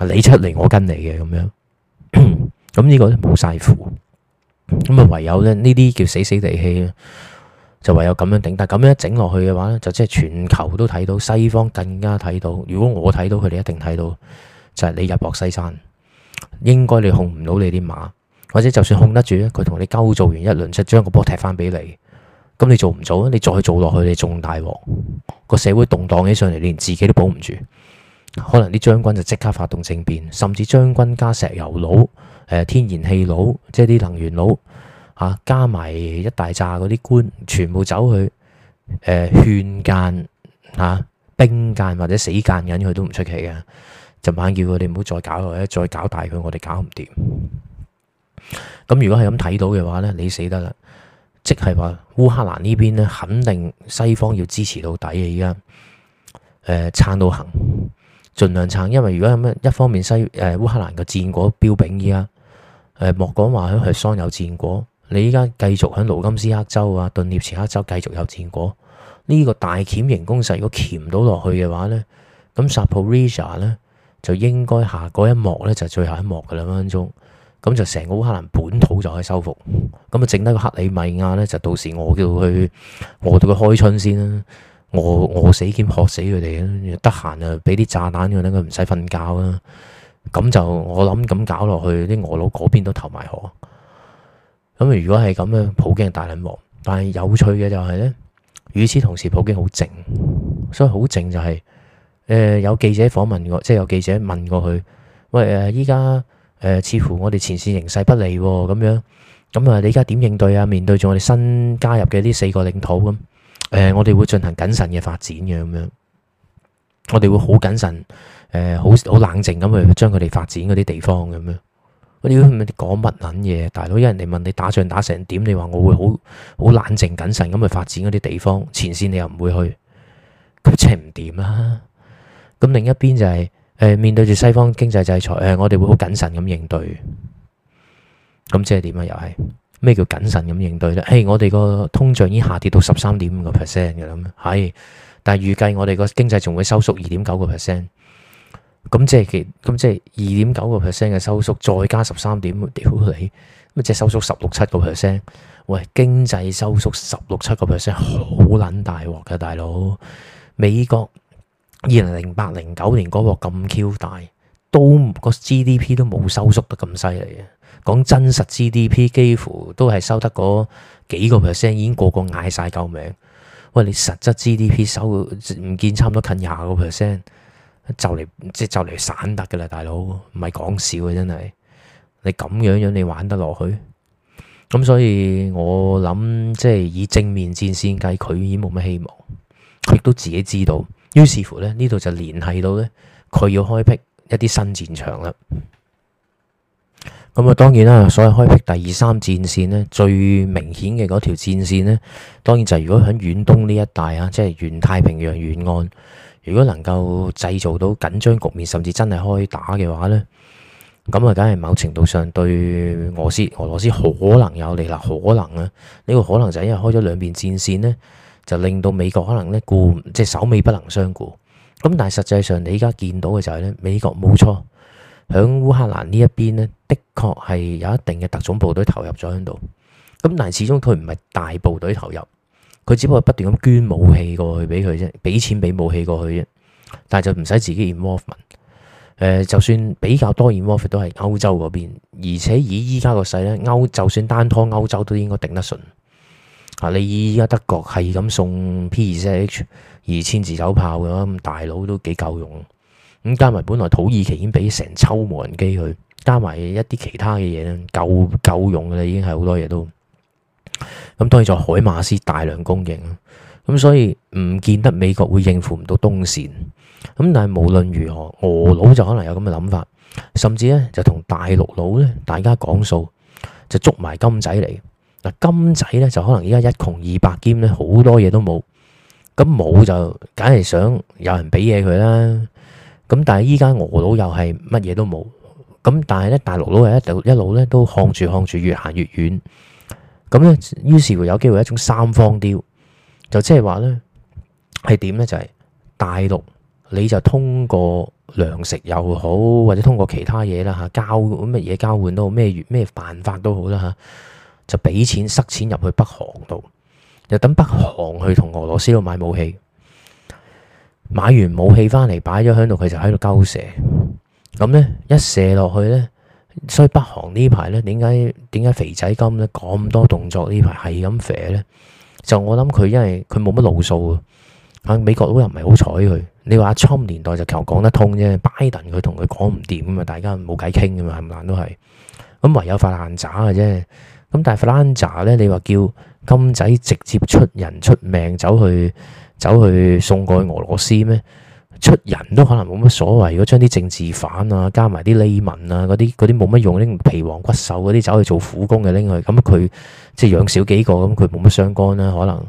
你出嚟，我跟你嘅咁樣，咁呢 個咧冇晒符，咁啊唯有咧呢啲叫死死地氣，就唯有咁樣頂。但係咁樣一整落去嘅話咧，就即係全球都睇到，西方更加睇到。如果我睇到，佢哋一定睇到，就係、是、你日薄西山，應該你控唔到你啲馬，或者就算控得住咧，佢同你溝做完一輪，即係將個波踢翻俾你，咁你做唔做咧？你再做落去，你仲大鑊，個社會動盪起上嚟，你連自己都保唔住。可能啲將軍就即刻發動政變，甚至將軍加石油佬、誒、呃、天然氣佬，即係啲能源佬嚇、啊，加埋一大揸嗰啲官，全部走去誒勸諫嚇兵諫或者死諫緊佢都唔出奇嘅。儘晚叫佢哋唔好再搞啦，再搞大佢，我哋搞唔掂。咁如果係咁睇到嘅話呢，你死得啦。即係話烏克蘭呢邊咧，肯定西方要支持到底嘅，依家誒撐到行。盡量撐，因為如果咁樣，一方面西誒烏、呃、克蘭嘅戰果彪炳依家，誒、呃、莫講話喺赫桑有戰果，你依家繼續喺盧甘斯克州啊、頓涅茨克州繼續有戰果，呢、這個大鉗型攻勢如果鉗唔到落去嘅話咧，咁沙普里亞咧就應該下嗰一幕咧就最後一幕嘅啦分分鐘，咁就成個烏克蘭本土就可以收復，咁啊剩低個克里米亞咧就到時我叫佢我到佢開春先啦。餓餓死兼渴死佢哋啊！得閒啊，俾啲炸彈佢哋，等佢唔使瞓覺啊！咁就我諗咁搞落去，啲俄佬嗰邊都投埋河。咁如果係咁咧，普京大捻忙。但係有趣嘅就係、是、呢。與此同時，普京好靜。所以好靜就係、是，誒、呃、有記者訪問我，即係有記者問過佢，喂，誒依家誒似乎我哋前線形勢不利咁、哦、樣，咁啊你而家點應對啊？面對住我哋新加入嘅呢四個領土咁。誒、呃，我哋會進行謹慎嘅發展嘅咁樣，我哋會好謹慎，誒、呃，好好冷靜咁去將佢哋發展嗰啲地方咁樣。我哋會講乜撚嘢，大佬，有人哋問你打仗打成點，你話我會好好冷靜謹慎咁去發展嗰啲地方，前線你又唔會去，咁即係唔掂啊？咁另一邊就係、是、誒、呃、面對住西方經濟制裁，誒、呃，我哋會好謹慎咁應對。咁即係點啊？又係？咩叫謹慎咁應對咧？誒，hey，我哋個通脹已經下跌到十三點五個 percent 嘅咁，係，但係預計我哋個經濟仲會收縮二點九個 percent。咁即係嘅，咁即係二點九個 percent 嘅收縮，再加十三點，屌你，咁即係收縮十六七個 percent。喂，經濟收縮十六七個 percent，好撚大鑊㗎大佬。美國二零零八零九年嗰鑊咁 Q 大，都個 GDP 都冇收縮得咁犀利啊！講真實 GDP 幾乎都係收得嗰幾個 percent，已經個個嗌晒救命。喂，你實質 GDP 收唔見，差唔多近廿個 percent，就嚟即係就嚟散得㗎啦，大佬，唔係講笑嘅真係。你咁樣樣你玩得落去？咁所以我諗即係以正面戰線計，佢已經冇乜希望，佢亦都自己知道。於是乎咧，呢度就聯繫到咧，佢要開闢一啲新戰場啦。咁啊，當然啦，所謂開闢第二三戰線呢，最明顯嘅嗰條戰線咧，當然就係如果喺遠東呢一帶啊，即係遠太平洋沿岸，如果能夠製造到緊張局面，甚至真係開打嘅話呢，咁啊，梗係某程度上對俄斯、俄羅斯可能有利啦，可能啊，呢個可能就係因為開咗兩邊戰線呢，就令到美國可能呢，顧即係首尾不能相顧。咁但係實際上，你而家見到嘅就係呢，美國冇錯。喺烏克蘭呢一邊呢，的確係有一定嘅特種部隊投入咗喺度。咁但係始終佢唔係大部隊投入，佢只不過不斷咁捐武器過去俾佢啫，俾錢俾武器過去啫。但係就唔使自己 involvement。誒，就算比較多 involvement 都係歐洲嗰邊，而且以依家個勢呢，歐就算單拖歐洲都應該頂得順。啊，你以依家德國係咁送 PzH 2000自走炮嘅，咁大佬都幾夠用。咁加埋本來土耳其已經俾成抽無人機佢，加埋一啲其他嘅嘢咧，夠夠用噶啦，已經係好多嘢都。咁當然就海馬斯大量供應，咁所以唔見得美國會應付唔到東線。咁但係無論如何，俄佬就可能有咁嘅諗法，甚至咧就同大陸佬咧大家講數，就捉埋金仔嚟。嗱，金仔咧就可能而家一窮二白兼咧好多嘢都冇，咁冇就梗係想有人俾嘢佢啦。咁但係依家俄佬又係乜嘢都冇，咁但係咧大陸佬又一路一路咧都看住看住越行越遠，咁咧於是乎有機會一種三方雕，就即係話咧係點咧就係、就是、大陸你就通過糧食又好，或者通過其他嘢啦吓交乜嘢交換都好，咩咩辦法都好啦吓，就俾錢塞錢入去北韓度，就等北韓去同俄羅斯度買武器。買完武器翻嚟擺咗喺度，佢就喺度鳩射。咁呢，一射落去呢，所以北韓呢排呢，點解點解肥仔金呢？咁多動作呢排係咁射呢？就我諗佢因為佢冇乜路數啊！美國佬又唔係好睬佢。你話阿侵年代就求講得通啫，拜登佢同佢講唔掂啊，大家冇計傾啊嘛，係唔係都係？咁、啊、唯有發爛渣嘅啫。咁、啊、但係發爛渣呢？你話叫金仔直接出人出命走去？走去送過去俄羅斯咩？出人都可能冇乜所謂。如果將啲政治犯啊，加埋啲匿民啊，嗰啲嗰啲冇乜用，啲皮黃骨瘦嗰啲走去做苦工嘅拎去咁，佢即係養少幾個，咁佢冇乜相干啦、啊。可能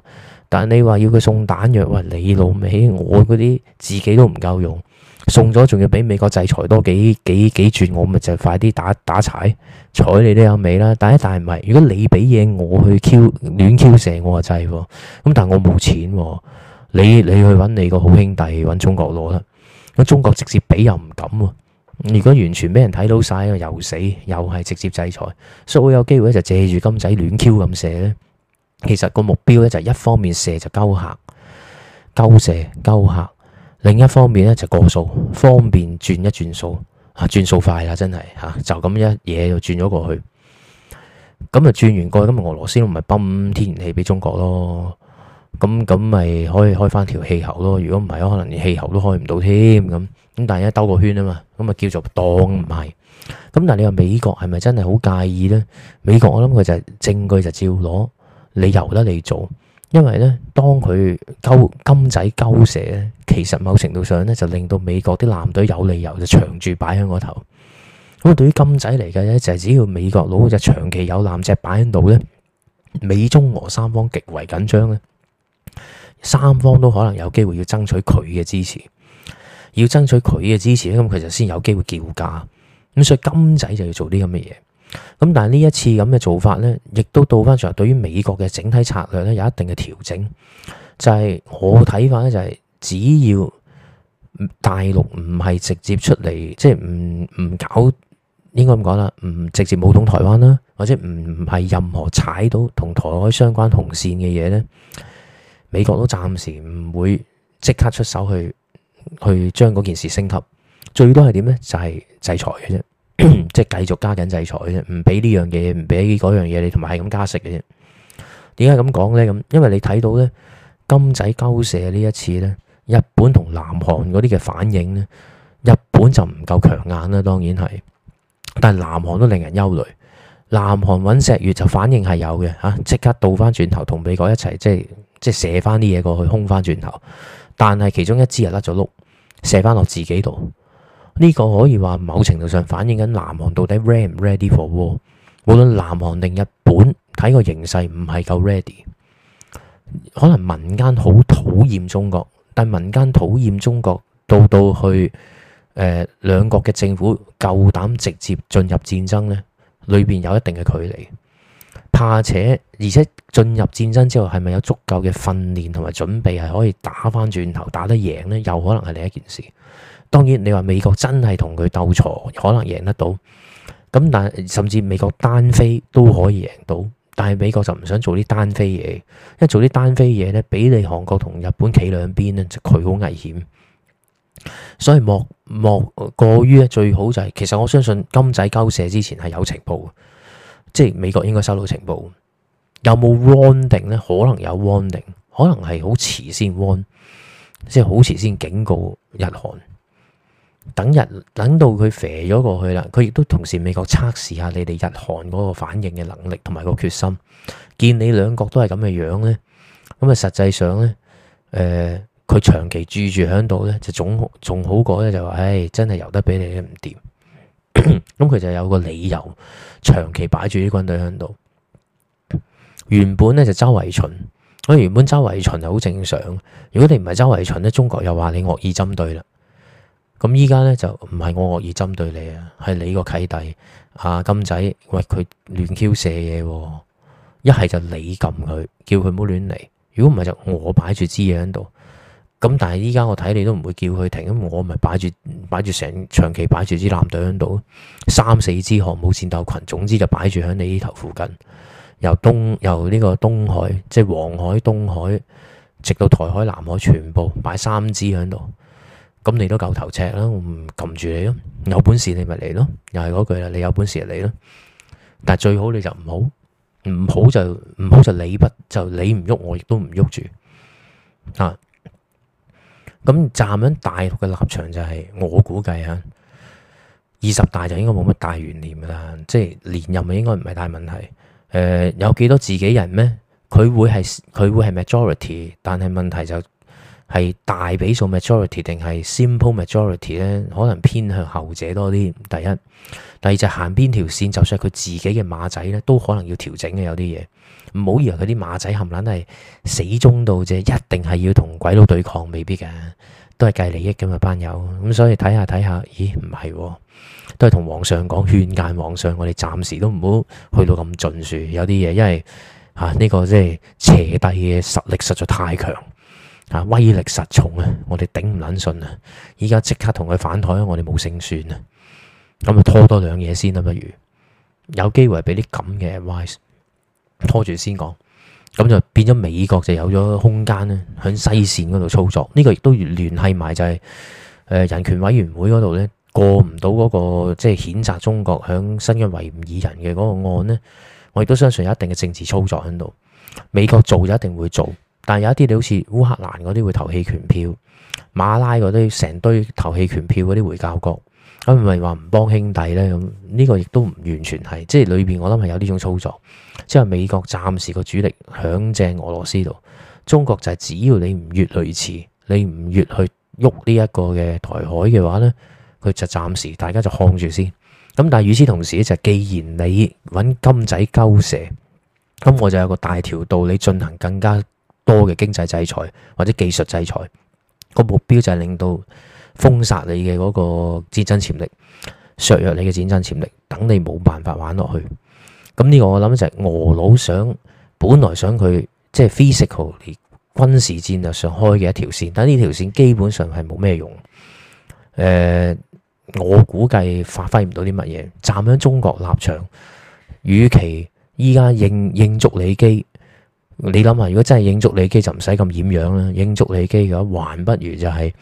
但係你話要佢送彈藥，喂你老味，我嗰啲自己都唔夠用，送咗仲要俾美國制裁多幾幾幾,幾轉我，我咪就快啲打打柴打睬你都有味啦。但係但係唔係，如果你俾嘢我,我去 Q 亂 Q 射，戀戀我啊就係咁，但係我冇錢喎、啊。你你去揾你個好兄弟揾中國攞啦，咁中國直接俾又唔敢喎，如果完全俾人睇到晒又死，又係直接制裁，所以我有機會咧就借住金仔亂 Q 咁射呢其實個目標咧就一方面射就勾客，勾射勾客，另一方面呢，就過數，方便轉一轉數，啊轉數快啦啊真係吓，就咁一嘢就轉咗過去，咁啊轉完過去咁啊俄羅斯唔係泵天然氣俾中國咯。咁咁咪可以開翻條氣喉咯？如果唔係啊，可能連氣喉都開唔到添咁。咁但係一兜個圈啊嘛，咁啊叫做當唔係。咁但係你話美國係咪真係好介意咧？美國我諗佢就係證據就照攞，你由得你做。因為咧，當佢勾金仔勾蛇咧，其實某程度上咧就令到美國啲艦隊有理由就長住擺喺嗰頭。咁啊，對於金仔嚟嘅咧，就係只要美國佬就長期有艦隻擺喺度咧，美中俄三方極為緊張咧。三方都可能有機會要爭取佢嘅支持，要爭取佢嘅支持，咁其實先有機會叫價。咁所以金仔就要做啲咁嘅嘢。咁但係呢一次咁嘅做法呢，亦都倒翻上嚟，對於美國嘅整體策略呢，有一定嘅調整。就係、是、我睇法呢，就係只要大陸唔係直接出嚟，即係唔唔搞，應該咁講啦，唔直接武統台灣啦，或者唔係任何踩到同台灣相關紅線嘅嘢呢。美國都暫時唔會即刻出手去去將嗰件事升級，最多係點呢？就係、是、制裁嘅啫，即係、 就是、繼續加緊制裁嘅啫，唔俾呢樣嘢，唔俾嗰樣嘢，你同埋係咁加息嘅啫。點解咁講呢？咁因為你睇到呢，金仔交射呢一次呢，日本同南韓嗰啲嘅反應呢，日本就唔夠強硬啦，當然係，但係南韓都令人憂慮。南韓尹錫悅就反應係有嘅嚇，即、啊、刻倒翻轉頭同美國一齊即係。即係射翻啲嘢過去，空翻轉頭，但係其中一支又甩咗碌，射翻落自己度。呢、這個可以話某程度上反映緊南韓到底 ready 唔 ready for war。無論南韓定日本，睇個形勢唔係夠 ready。可能民間好討厭中國，但民間討厭中國到到去誒、呃，兩國嘅政府夠膽直接進入戰爭呢，裏邊有一定嘅距離。怕且，而且進入戰爭之後，係咪有足夠嘅訓練同埋準備，係可以打翻轉頭打得贏呢？有可能係另一件事。當然你話美國真係同佢鬥鋤，可能贏得到。咁但係，甚至美國單飛都可以贏到，但係美國就唔想做啲單飛嘢，因為做啲單飛嘢呢，俾你韓國同日本企兩邊呢，佢好危險。所以莫莫過於最好就係、是，其實我相信金仔交射之前係有情報。即係美國應該收到情報，有冇 warning 咧？可能有 warning，可能係好遲先 warn，即係好遲先警告日韓。等日等到佢肥咗過去啦，佢亦都同時美國測試下你哋日韓嗰個反應嘅能力同埋個決心。見你兩國都係咁嘅樣咧，咁啊實際上咧，誒、呃、佢長期住住喺度咧，就總仲好過咧就話，唉、哎、真係由得俾你唔掂。咁佢 就有個理由長期擺住啲軍隊喺度，原本咧就周圍巡，我原本周圍巡又好正常。如果你唔係周圍巡咧，中國又話你惡意針對啦。咁依家咧就唔係我惡意針對你,你啊，係你個契弟，阿金仔喂佢亂 Q 射嘢，一係就你撳佢，叫佢唔好亂嚟。如果唔係就我擺住支嘢喺度。咁，但係依家我睇你都唔會叫佢停，咁我咪擺住擺住成長期擺住支艦隊喺度，三四支航母戰鬥群，總之就擺住喺你呢頭附近，由東由呢個東海即係黃海、東海，直到台海、南海，全部擺三支喺度。咁你都夠頭赤啦，我唔撳住你咯。有本事你咪嚟咯，又係嗰句啦。你有本事嚟咯，但係最好你就唔好，唔好就唔好就你不就你唔喐，我亦都唔喐住啊。咁站喺大陸嘅立場就係、是，我估計啊，二十大就應該冇乜大懸念啦，即係連任應該唔係大問題。誒、呃，有幾多自己人咩？佢會係佢會係 majority，但係問題就。係大比數 majority 定係 simple majority 咧，可能偏向後者多啲。第一，第二就行、是、邊條線，就算係佢自己嘅馬仔咧，都可能要調整嘅。有啲嘢唔好以為佢啲馬仔冚卵係死忠到啫，一定係要同鬼佬對抗，未必嘅，都係計利益嘅嘛，班友。咁所以睇下睇下，咦，唔係，都係同皇上講勸諫皇上，我哋暫時都唔好去到咁盡處。有啲嘢，因為吓呢、啊這個即、就、係、是、邪帝嘅實力實在太強。啊，威力實重啊！我哋頂唔撚順啊！依家即刻同佢反台啊！我哋冇勝算啊！咁啊，拖多兩嘢先啦，不如有機會俾啲咁嘅 advice 拖住先講。咁就變咗美國就有咗空間咧，響西線嗰度操作呢、呢個亦都聯繫埋就係誒人權委員會嗰度呢，過唔到嗰個即係譴責中國響新疆維吾爾人嘅嗰個案呢。我亦都相信有一定嘅政治操作喺度，美國做就一定會做。但係有一啲你好似烏克蘭嗰啲會投棄權票，馬拉嗰啲成堆投棄權票嗰啲回教國，咁唔係話唔幫兄弟咧咁？呢、這個亦都唔完全係即係裏邊，我諗係有呢種操作。即係美國暫時個主力響正俄羅斯度，中國就係只要你唔越雷池，你唔越去喐呢一個嘅台海嘅話咧，佢就暫時大家就看住先。咁但係與此同時，咧，就是，既然你揾金仔鳩射，咁我就有個大條道理進行更加多嘅經濟制裁或者技術制裁，個目標就係令到封殺你嘅嗰個戰爭潛力，削弱你嘅戰爭潛力，等你冇辦法玩落去。咁、嗯、呢、這個我諗就係俄佬想，本來想佢即係 physical 軍事戰略上開嘅一條線，但呢條線基本上係冇咩用。誒、呃，我估計發揮唔到啲乜嘢。站喺中國立場，與其依家應應足你機。你諗下，如果真係影足你機就唔使咁掩樣啦。影足你機嘅話，還不如就係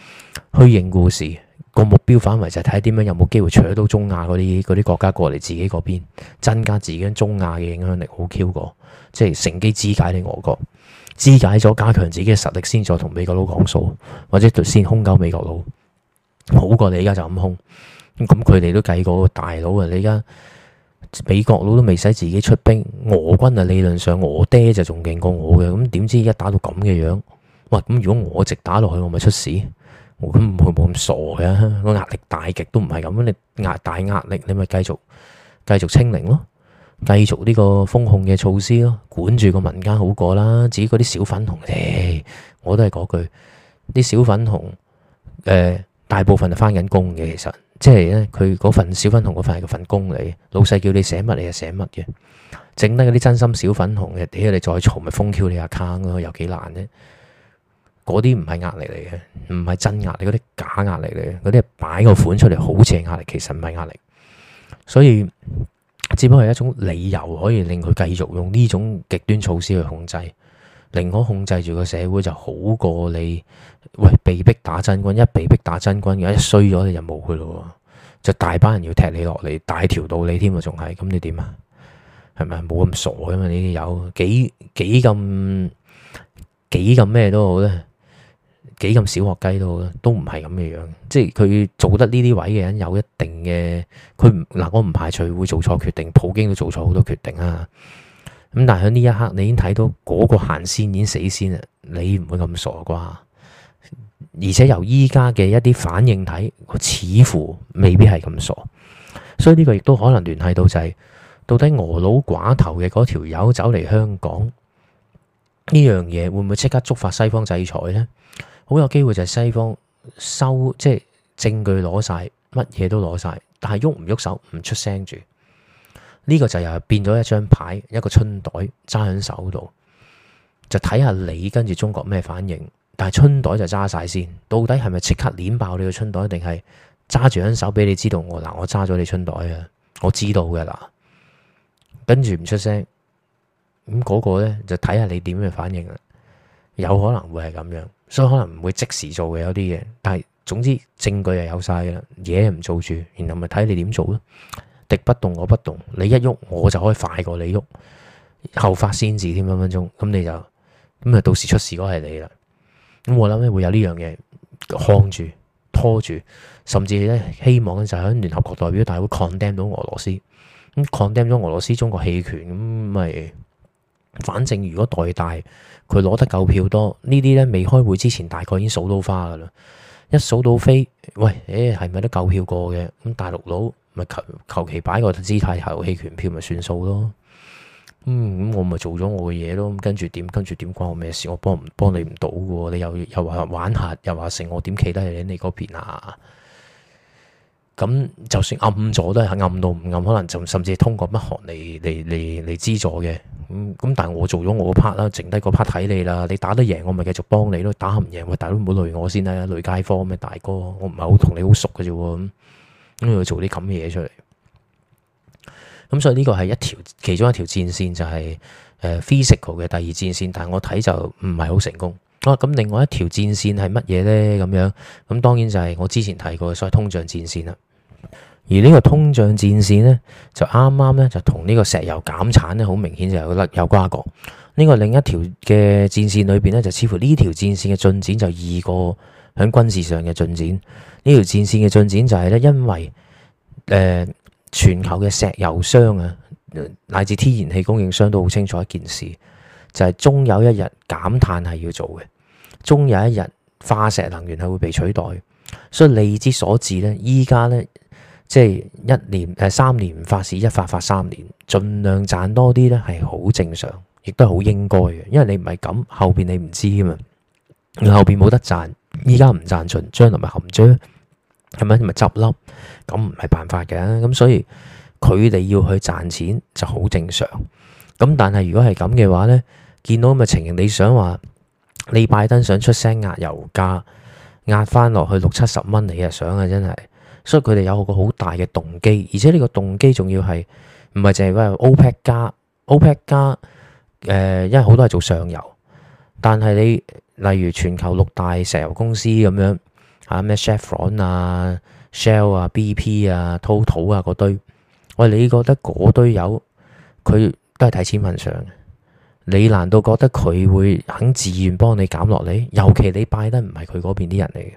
虛應故事。個目標範圍就係睇點樣有冇機會扯到中亞嗰啲嗰啲國家過嚟自己嗰邊，增加自己中亞嘅影響力，好 Q 過即係乘機肢解你俄國，肢解咗加強自己嘅實力先再同美國佬講數，或者先兇搞美國佬，好過你而家就咁兇。咁佢哋都計過大佬啊，你而家。美國佬都未使自己出兵，俄軍啊理論上俄爹就仲勁過我嘅，咁點知一打到咁嘅樣，樣，喂，咁如果我直打落去，我咪出事，我咁唔會冇咁傻嘅、啊，個壓力大極都唔係咁，你壓大壓力你咪繼續繼，繼，繼，繼續清零咯，繼續呢個封控嘅措施咯，管住個民間好過啦，至於嗰啲小粉紅哋、哎，我都係嗰句，啲小粉紅誒。呃大部分係翻緊工嘅，其實即係咧，佢嗰份小粉紅嗰份係個份工嚟，老細叫你寫乜你就寫乜嘅，整得嗰啲真心小粉紅，你又你再嘈咪封 Q 你 account 咯，又幾難啫。嗰啲唔係壓力嚟嘅，唔係真壓力，嗰啲假壓力嚟，嗰啲係擺個款出嚟好似壓力，其實唔係壓力。所以只不過係一種理由，可以令佢繼續用呢種極端措施去控制。寧可控制住個社會就好過你喂被逼打真軍，一被逼打真軍，一衰咗你就冇佢咯，就大班人要踢你落嚟，大條道理添啊，仲係咁你點啊？係咪冇咁傻嘅嘛？你有幾幾咁幾咁咩都好咧，幾咁小學雞都好咧，都唔係咁嘅樣,樣。即係佢做得呢啲位嘅人有一定嘅，佢嗱、啊、我唔排除會做錯決定，普京都做錯好多決定啊。咁但喺呢一刻，你已經睇到嗰個行先已經死先啦，你唔會咁傻啩？而且由依家嘅一啲反應睇，似乎未必係咁傻，所以呢個亦都可能聯繫到就係、是、到底俄佬寡頭嘅嗰條友走嚟香港呢樣嘢，會唔會即刻觸發西方制裁呢？好有機會就係西方收即係證據攞晒，乜嘢都攞晒，但係喐唔喐手，唔出聲住。呢個就又變咗一張牌，一個春袋揸喺手度，就睇下你跟住中國咩反應。但係春袋就揸晒先，到底係咪即刻捏爆你個春袋，定係揸住喺手俾你知道我？我嗱，我揸咗你春袋啊，我知道㗎喇。跟住唔出聲，咁嗰個呢，就睇下你點嘅反應啦。有可能會係咁樣，所以可能唔會即時做嘅有啲嘢。但係總之證據又有晒嘅喇，嘢唔做住，然後咪睇你點做咯。敵不動，我不動，你一喐我就可以快過你喐，後發先至添，分分鐘。咁你就咁啊，到時出事嗰係你啦。咁我諗咧會有呢樣嘢，抗住拖住，甚至咧希望呢就喺聯合國代表大會 condemn 到俄羅斯，condemn 咗、嗯、俄羅斯，中國棄權咁咪、嗯。反正如果代大佢攞得夠票多，呢啲咧未開會之前大概已經數到花噶啦，一數到飛，喂，誒，係咪得夠票過嘅？咁、嗯、大陸佬。咪求求其擺個姿態投棄權票咪算數咯。嗯，咁我咪做咗我嘅嘢咯。跟住點？跟住點關我咩事？我幫唔幫你唔到嘅？你又又話玩下，又話成我點企得喺你嗰邊啊？咁就算暗咗都係暗到唔暗，可能就甚至係通過乜行嚟嚟嚟嚟資助嘅。咁咁、嗯，但係我做咗我嘅 part 啦，剩低個 part 睇你啦。你打得贏我咪繼續幫你咯。打唔贏，喂，大佬唔好累我先啦，累街坊咩？大哥，我唔係好同你好熟嘅啫。都要做啲咁嘅嘢出嚟，咁所以呢個係一條其中一條戰線，就係誒 physical 嘅第二戰線，但係我睇就唔係好成功。啊，咁另外一條戰線係乜嘢呢？咁樣咁當然就係我之前提過所謂通脹戰線啦。而呢個通脹戰線呢，就啱啱呢，就同呢個石油減產呢，好明顯就有粒有瓜葛。呢個另一條嘅戰線裏邊呢，就似乎呢條戰線嘅進展就易過。喺軍事上嘅進展，呢條戰線嘅進展就係咧，因為誒、呃、全球嘅石油商啊，乃至天然氣供應商都好清楚一件事，就係、是、終有一日減碳係要做嘅，終有一日化石能源係會被取代。所以利之所至呢，依家呢，即係一年誒、呃、三年唔發市一發發三年，儘量賺多啲呢，係好正常，亦都好應該嘅，因為你唔係咁，後邊你唔知啊嘛，後邊冇得賺。依家唔賺盡，將來同埋含著，係咪咪執笠？咁唔係辦法嘅，咁所以佢哋要去賺錢就好正常。咁但係如果係咁嘅話呢，見到咁嘅情形，你想話你拜登想出聲壓油價，壓翻落去六七十蚊，你又想啊？真係，所以佢哋有個好大嘅動機，而且呢個動機仲要係唔係淨係話 OPEC 加 OPEC 加？誒、呃，因為好多係做上游，但係你。例如全球六大石油公司咁樣，嚇咩 Chevron 啊、Shell 啊、BP 啊、Total 啊嗰堆，我話你覺得嗰堆油佢都係睇錢份上嘅，你難道覺得佢會肯自願幫你減落嚟？尤其你拜登唔係佢嗰邊啲人嚟嘅，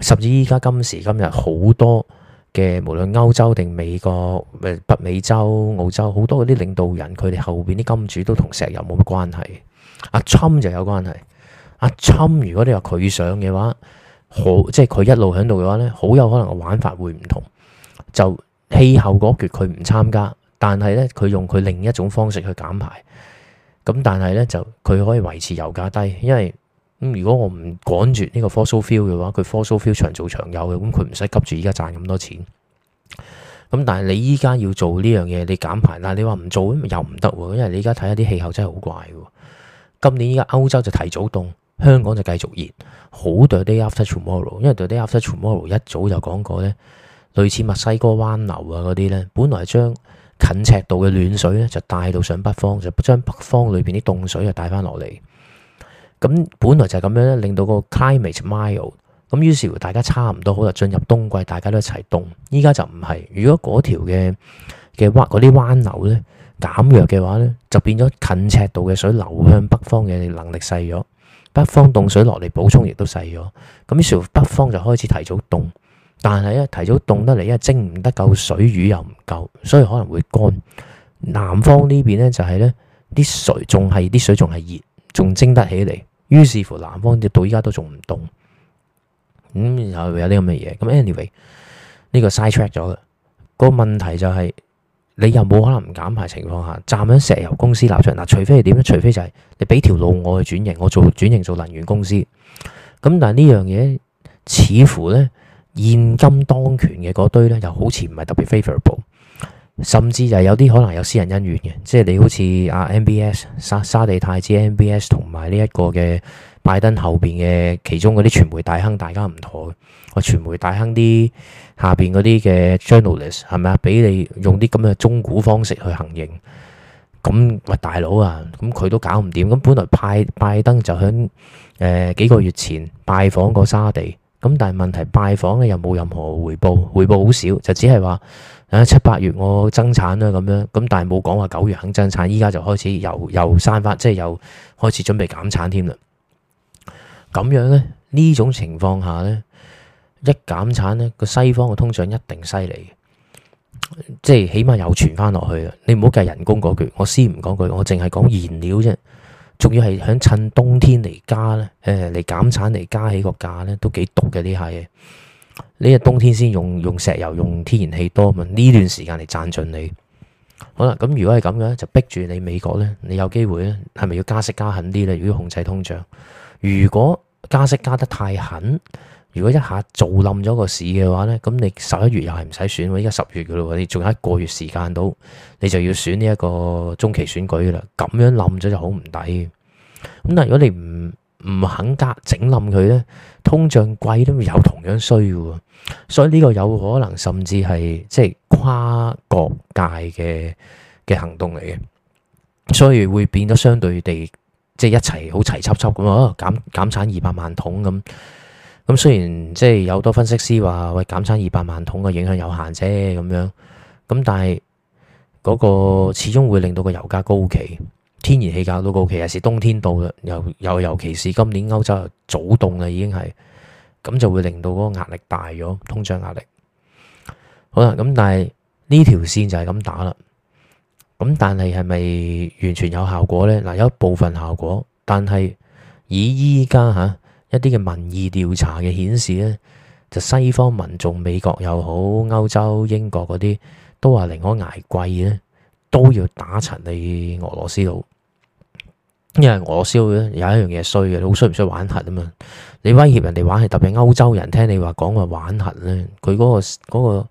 甚至依家今時今日好多嘅，無論歐洲定美國、誒北美洲、澳洲，好多嗰啲領導人，佢哋後邊啲金主都同石油冇乜關係，阿 Trump 就有關係。阿侵，Trump，如果你話佢上嘅話，好即係佢一路喺度嘅話咧，好有可能個玩法會唔同。就氣候嗰橛佢唔參加，但係咧佢用佢另一種方式去減排。咁但係咧就佢可以維持油價低，因為咁如果我唔趕住呢個 fossil fuel 嘅話，佢 fossil fuel 長做長有嘅，咁佢唔使急住依家賺咁多錢。咁但係你依家要做呢樣嘢，你減排，但係你話唔做又唔得，因為你依家睇下啲氣候真係好怪。今年依家歐洲就提早凍。香港就繼續熱，好對 The Day After Tomorrow，因為 The Day After Tomorrow 一早就講過呢類似墨西哥灣流啊嗰啲呢，本來將近赤道嘅暖水呢就帶到上北方，就將北方裏邊啲凍水就帶翻落嚟。咁本來就係咁樣呢，令到個 climate mild 咁，於是乎大家差唔多好喇，進入冬季，大家都一齊凍。依家就唔係，如果嗰條嘅嘅灣嗰啲灣流呢，減弱嘅話呢，就變咗近赤道嘅水流向北方嘅能力細咗。北方凍水落嚟補充，亦都細咗。咁於是乎，北方就開始提早凍，但係咧提早凍得嚟，因為蒸唔得夠水，雨又唔夠，所以可能會乾。南方呢邊咧就係咧啲水仲係啲水仲係熱，仲蒸得起嚟。於是乎，南方就到依家都仲唔凍。咁然後有啲咁嘅嘢。咁 anyway 呢個 side track 咗嘅個問題就係、是。你又冇可能唔減排情況下，站喺石油公司立場嗱、啊，除非係點咧？除非就係你俾條路我去轉型，我做轉型做能源公司。咁但係呢樣嘢似乎呢現今當權嘅嗰堆呢，又好似唔係特別 favorable，甚至就係有啲可能有私人恩怨嘅，即係你好似啊 MBS 沙沙地太子 MBS 同埋呢一個嘅拜登後邊嘅其中嗰啲傳媒大亨，大家唔妥嘅，我傳媒大亨啲。下邊嗰啲嘅 journalists 係咪啊？俾你用啲咁嘅中古方式去行刑，咁喂大佬啊！咁佢都搞唔掂。咁本來拜拜登就喺誒、呃、幾個月前拜訪過沙地，咁但係問題拜訪咧又冇任何回報，回報好少，就只係話啊七八月我增產啦咁樣，咁但係冇講話九月肯增產，依家就開始由又由散發，即係又開始準備減產添啦。咁樣呢，呢種情況下呢。一減產呢，個西方嘅通脹一定犀利，即係起碼有傳翻落去嘅。你唔好計人工嗰句，我先唔講句，我淨係講燃料啫。仲要係響趁冬天嚟加呢，誒嚟減產嚟加起個價呢，都幾毒嘅呢下嘢。呢個冬天先用用石油用天然氣多嘛，呢段時間嚟賺盡你。好啦，咁如果係咁樣，就逼住你美國呢，你有機會呢，係咪要加息加狠啲呢？如果控制通脹，如果加息加得太狠。如果一下做冧咗個市嘅話呢，咁你十一月又係唔使選喎，依家十月嘅啦喎，你仲有一個月時間到，你就要選呢一個中期選舉啦。咁樣冧咗就好唔抵。咁但如果你唔唔肯加整冧佢呢，通脹貴都會有同樣衰喎。所以呢個有可能甚至係即係跨國界嘅嘅行動嚟嘅，所以會變咗相對地即係、就是、一齊好齊湊湊咁啊，減減產二百萬桶咁。咁雖然即係有好多分析師話，喂，減產二百萬桶嘅影響有限啫咁樣，咁但係嗰個始終會令到個油價高企，天然氣價都高企，尤其是冬天到啦，又尤其是今年歐洲早凍啦，已經係咁就會令到嗰個壓力大咗，通脹壓力。好啦，咁但係呢條線就係咁打啦，咁但係係咪完全有效果呢？嗱，有一部分效果，但係以依家嚇。一啲嘅民意調查嘅顯示咧，就西方民眾，美國又好，歐洲、英國嗰啲都話令我挨貴嘅，都要打沉你俄羅斯佬。因為俄羅斯咧有一樣嘢衰嘅，好衰唔衰玩核啊嘛？你威脅人哋玩係特別歐洲人聽你話講話玩核咧，佢嗰個嗰個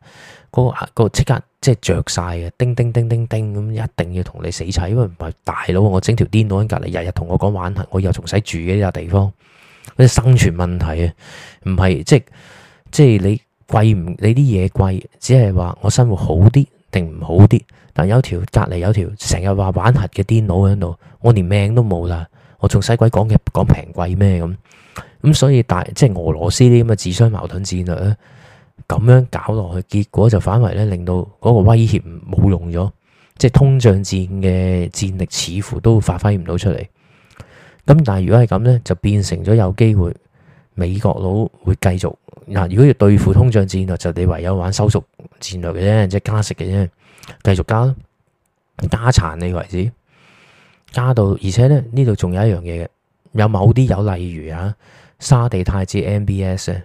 嗰個個即刻即係著曬嘅，叮叮叮叮叮咁，一定要同你死齊。因為唔係大佬，我整條癲佬喺隔籬，日日同我講玩核，我又從使住嘅呢笪地方，啲生存問題啊，唔係即係即係你貴唔你啲嘢貴，只係話我生活好啲定唔好啲？但有條隔籬有條成日話玩核嘅癲佬喺度，我連命都冇啦！我仲使鬼講嘅講平貴咩咁？咁所以大即係俄羅斯啲咁嘅自相矛盾戰略咧，咁樣搞落去，結果就反為咧令到嗰個威脅冇用咗，即係通脹戰嘅戰力似乎都發揮唔到出嚟。咁但係如果係咁咧，就變成咗有機會美國佬會繼續嗱。如果要對付通脹戰略，就你唯有玩收縮戰略嘅啫，即係加息嘅啫，繼續加咯，加殘你為止，加到而且咧呢度仲有一樣嘢嘅，有某啲有例如啊沙地太子 MBS 咧，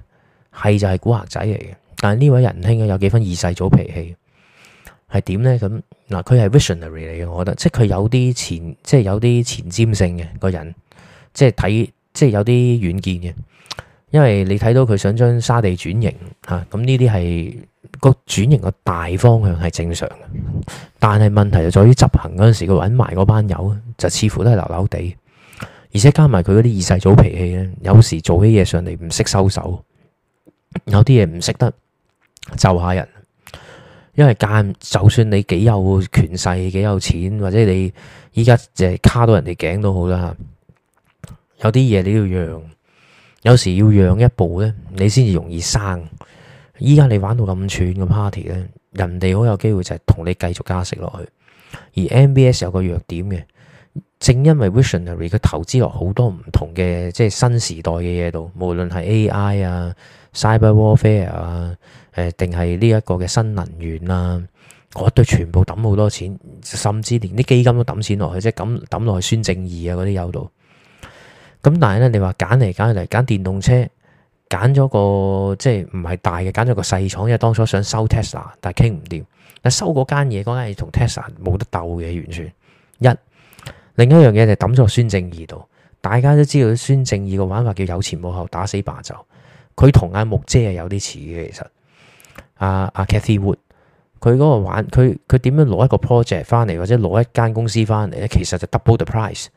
係就係古惑仔嚟嘅。但係呢位仁兄有幾分二世祖脾氣，係點咧？咁嗱，佢係 visionary 嚟嘅，我覺得，即係佢有啲前，即係有啲前瞻性嘅個人。即係睇，即係有啲遠見嘅，因為你睇到佢想將沙地轉型吓，咁呢啲係個轉型個大方向係正常嘅，但係問題就在於執行嗰陣時，佢揾埋嗰班友，就似乎都係流流地，而且加埋佢嗰啲二世祖脾氣咧，有時做起嘢上嚟唔識收手，有啲嘢唔識得就下人，因為間就算你幾有權勢、幾有錢，或者你依家淨係卡到人哋頸都好啦。有啲嘢你要讓，有時要讓一步呢，你先至容易生。依家你玩到咁串嘅 party 呢，人哋好有機會就係同你繼續加息落去。而 MBS 有個弱點嘅，正因為 Visionary 佢投資落好多唔同嘅，即係新時代嘅嘢度，無論係 AI 啊、Cyber Warfare 啊，誒、呃、定係呢一個嘅新能源啊，我都全部抌好多錢，甚至連啲基金都抌錢落去，即係抌抌落孫正義啊嗰啲友度。咁但係咧，你話揀嚟揀嚟揀電動車，揀咗個即係唔係大嘅，揀咗個細廠，因為當初想收 Tesla，但係傾唔掂。但收嗰間嘢，嗰間嘢同 Tesla 冇得鬥嘅完全，完全一。另一樣嘢就抌咗孫正義度，大家都知道孫正義個玩法叫有前冇後打死霸就，佢同阿木姐係有啲似嘅。其實阿阿、啊、Cathy、啊、Wood，佢嗰個玩，佢佢點樣攞一個 project 翻嚟，或者攞一間公司翻嚟，其實就 double the price。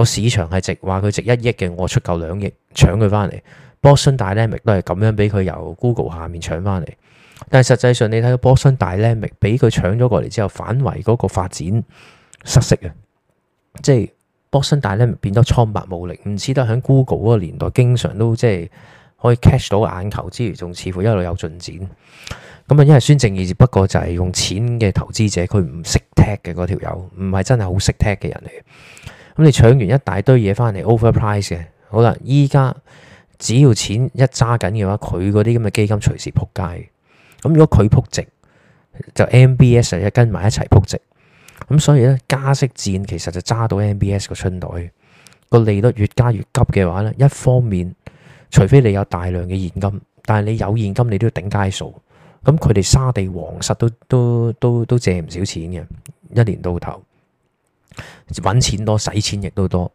個市場係值話佢值一億嘅，我出夠兩億搶佢翻嚟。Boston Dynamics 都係咁樣俾佢由 Google 下面搶翻嚟。但係實際上你睇到 Boston Dynamics 俾佢搶咗過嚟之後，反為嗰個發展失色啊！即係 Boston Dynamics 變得蒼白無力，唔似得喺 Google 嗰個年代，經常都即係可以 catch 到眼球之餘，仲似乎一路有進展。咁啊，因為孫正義不過就係用錢嘅投資者，佢唔識踢嘅嗰條友，唔係真係好識踢嘅人嚟咁你搶完一大堆嘢翻嚟 overprice 嘅，好啦，依家只要錢一揸緊嘅話，佢嗰啲咁嘅基金隨時扑街。咁如果佢扑街，就 MBS 一跟埋一齊扑街。咁所以咧加息戰其實就揸到 MBS 個春袋，個利率越加越急嘅話咧，一方面除非你有大量嘅現金，但係你有現金你都要頂街數。咁佢哋沙地皇室都都都都,都借唔少錢嘅，一年到頭。搵錢多，使錢亦都多，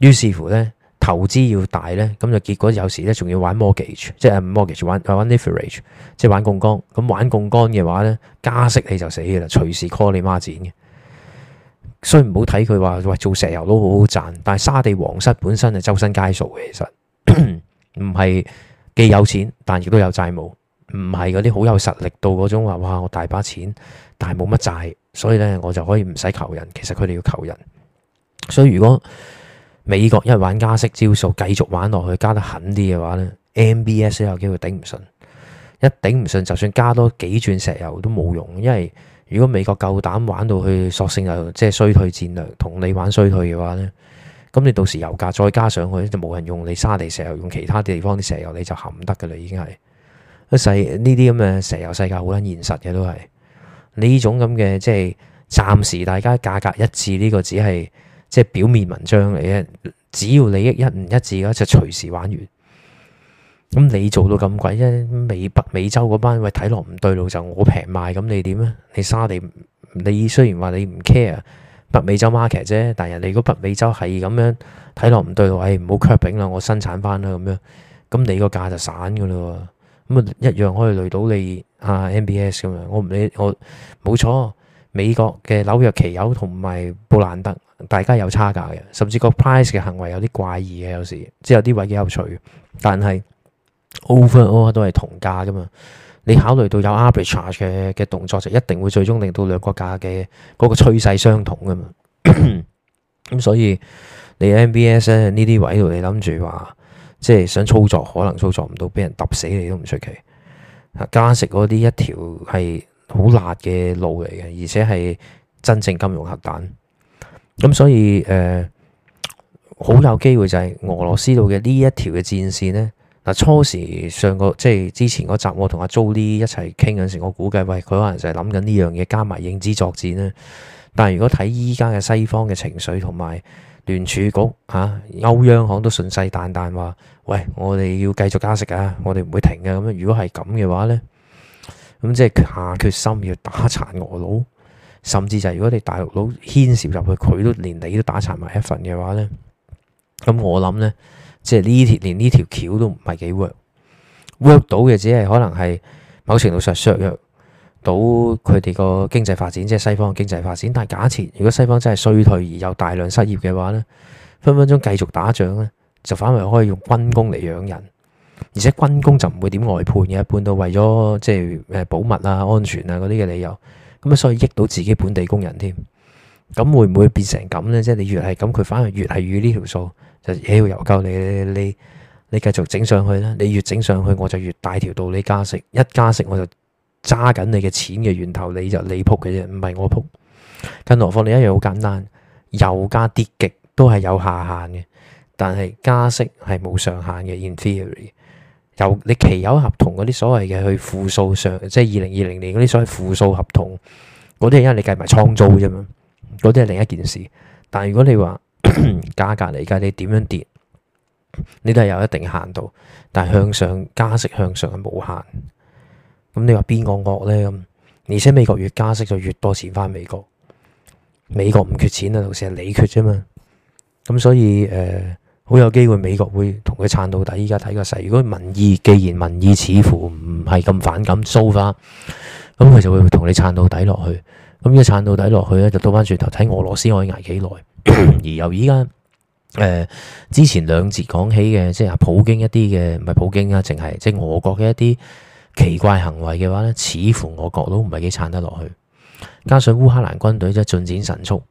於是乎呢，投資要大呢，咁就結果有時咧，仲要玩 mortgage，即係 mortgage 玩，gage，玩，gage，即玩，又玩 leverage，即係玩槓桿。咁玩槓桿嘅話呢，加息你就死噶啦，隨時 call 你孖展嘅。所以唔好睇佢話喂，做石油都好好賺，但係沙地皇室本身係周身皆數嘅，其實唔係 既有錢，但亦都有債務，唔係嗰啲好有實力到嗰種話哇我大把錢，但係冇乜債。所以咧，我就可以唔使求人。其實佢哋要求人。所以如果美國一玩加息招數，繼續玩落去加得狠啲嘅話咧，MBS 有機會頂唔順。一頂唔順，就算加多幾轉石油都冇用。因為如果美國夠膽玩到去索性又即係衰退戰略，同你玩衰退嘅話咧，咁你到時油價再加上去就冇人用你沙地石油，用其他地方啲石油你就行唔得噶啦。已經係啊，世呢啲咁嘅石油世界好撚現實嘅都係。你依種咁嘅即係暫時大家價格一致，呢、這個只係即係表面文章嚟嘅。只要你一唔一致嘅話，就隨時玩完。咁你做到咁鬼啫？美北美洲嗰班喂，睇落唔對路就我平賣，咁你點啊？你沙地你雖然話你唔 care 北美洲 market 啫，但人哋如果北美洲係咁樣睇落唔對路，唉、哎，唔好 cut 柄啦，我生產翻啦咁樣，咁你個價就散噶啦喎，咁啊一樣可以累到你。啊，MBS 咁樣，我唔理我冇錯，美國嘅紐約期油同埋布蘭德，大家有差價嘅，甚至個 price 嘅行為有啲怪異嘅，有時即係有啲位幾有趣，但係 overall 都係同價噶嘛。你考慮到有 arbitrage 嘅嘅動作，就一定會最終令到兩個價嘅嗰個趨勢相同噶嘛。咁 所以你 MBS 咧呢啲位度，你諗住話即係想操作，可能操作唔到，俾人揼死你都唔出奇。加食嗰啲一條係好辣嘅路嚟嘅，而且係真正金融核彈。咁所以誒，好、呃、有機會就係俄羅斯度嘅呢一條嘅戰線呢。嗱，初時上個即係之前嗰集，我同阿 Jolie 一齊傾嗰陣時，我估計喂，佢可能就係諗緊呢樣嘢，加埋認知作戰呢。但係如果睇依家嘅西方嘅情緒同埋，聯儲局嚇歐、啊、央行都信誓旦旦話，喂，我哋要繼續加息啊，我哋唔會停啊。咁樣如果係咁嘅話咧，咁即係下決心要打殘俄佬，甚至就係如果你大陸佬牽涉入去，佢都連你都打殘埋一份嘅話咧，咁我諗咧，即係呢條連呢條橋都唔係幾 work，work 到嘅只係可能係某程度上削弱。到佢哋個經濟發展，即係西方嘅經濟發展。但係假設如果西方真係衰退而有大量失業嘅話咧，分分鐘繼續打仗咧，就反而可以用軍工嚟養人，而且軍工就唔會點外判嘅，一般都為咗即係誒保密啊、安全啊嗰啲嘅理由。咁啊，所以益到自己本地工人添。咁會唔會變成咁咧？即係你越係咁，佢反而越係預呢條數，就要由鳩你你你，你繼續整上去啦。你越整上去，我就越大條道理加息，一加息我就。揸緊你嘅錢嘅源頭，你就你撲嘅啫，唔係我撲。更何況你一樣好簡單，油價跌極都係有下限嘅，但係加息係冇上限嘅。In theory，由你期油合同嗰啲所謂嘅去負數上，即係二零二零年嗰啲所謂負數合同，嗰啲係因為你計埋倉租啫嘛，嗰啲係另一件事。但係如果你話價格嚟計，你點樣跌，你都係有一定限度，但係向上加息向上係冇限。咁你話邊個惡呢？咁而且美國越加息就越多錢翻美國，美國唔缺錢啊，到時係你缺啫嘛。咁所以誒，好、呃、有機會美國會同佢撐到底。依家睇個勢，如果民意既然民意似乎唔係咁反感，so far，咁佢就會同你撐到底落去。咁一撐到底落去咧，就倒翻轉頭睇俄羅斯可以挨幾耐。 而由依家誒之前兩節講起嘅，即係普京一啲嘅，唔係普京啊，淨係即係俄國嘅一啲。奇怪行為嘅話呢似乎我覺得都唔係幾撐得落去。加上烏克蘭軍隊即係進展神速，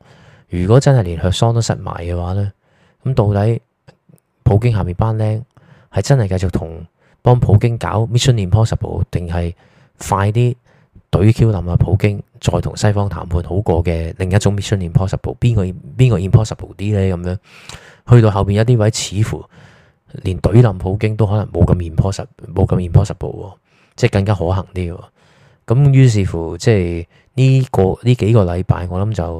如果真係連赫爾松都失埋嘅話呢咁到底普京下面班僆係真係繼續同幫,幫普京搞 Mission Impossible，定係快啲懟 Q 冧啊普京，再同西方談判好過嘅另一種 Mission Impossible，邊個邊個 Impossible 啲呢？咁樣去到後邊一啲位，似乎連懟冧普京都可能冇咁 Impossible，冇咁 Impossible 即係更加可行啲喎，咁於是乎，即係呢、這個呢幾個禮拜，我諗就又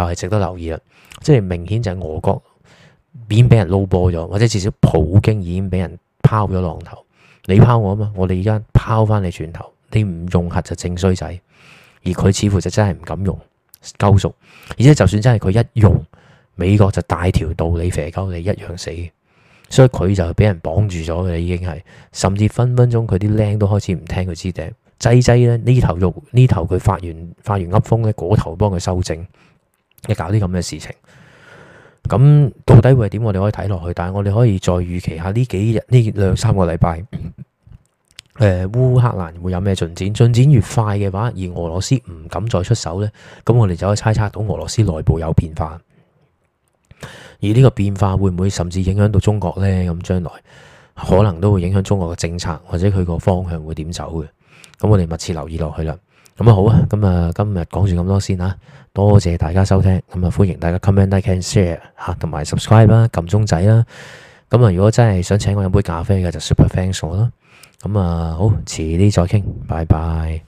係、就是、值得留意啦。即係明顯就係俄國已經俾人撈波咗，或者至少普京已經俾人拋咗浪頭。你拋我啊嘛，我哋而家拋翻你轉頭，你唔用核就正衰仔，而佢似乎就真係唔敢用鳩數，而且就算真係佢一用，美國就大條道理，肥鳩你一樣死。所以佢就俾人綁住咗嘅，已經係甚至分分鐘佢啲僆都開始唔聽佢支笛。擠擠咧呢頭肉呢頭佢發完發完噏風咧，嗰頭幫佢修正，一搞啲咁嘅事情。咁到底會係點？我哋可以睇落去，但係我哋可以再預期下呢幾日呢兩三個禮拜。誒、呃，烏克蘭會有咩進展？進展越快嘅話，而俄羅斯唔敢再出手咧，咁我哋就可以猜測到俄羅斯內部有變化。而呢個變化會唔會甚至影響到中國呢？咁將來可能都會影響中國嘅政策，或者佢個方向會點走嘅？咁我哋密切留意落去啦。咁啊好啊，咁啊今日講住咁多先啊。多謝大家收聽，咁啊歡迎大家 comment like and share 嚇，同埋 subscribe 啦，撳鐘仔啦。咁啊，如果真係想請我飲杯咖啡嘅，就 super thanks 我啦。咁啊，好，遲啲再傾，拜拜。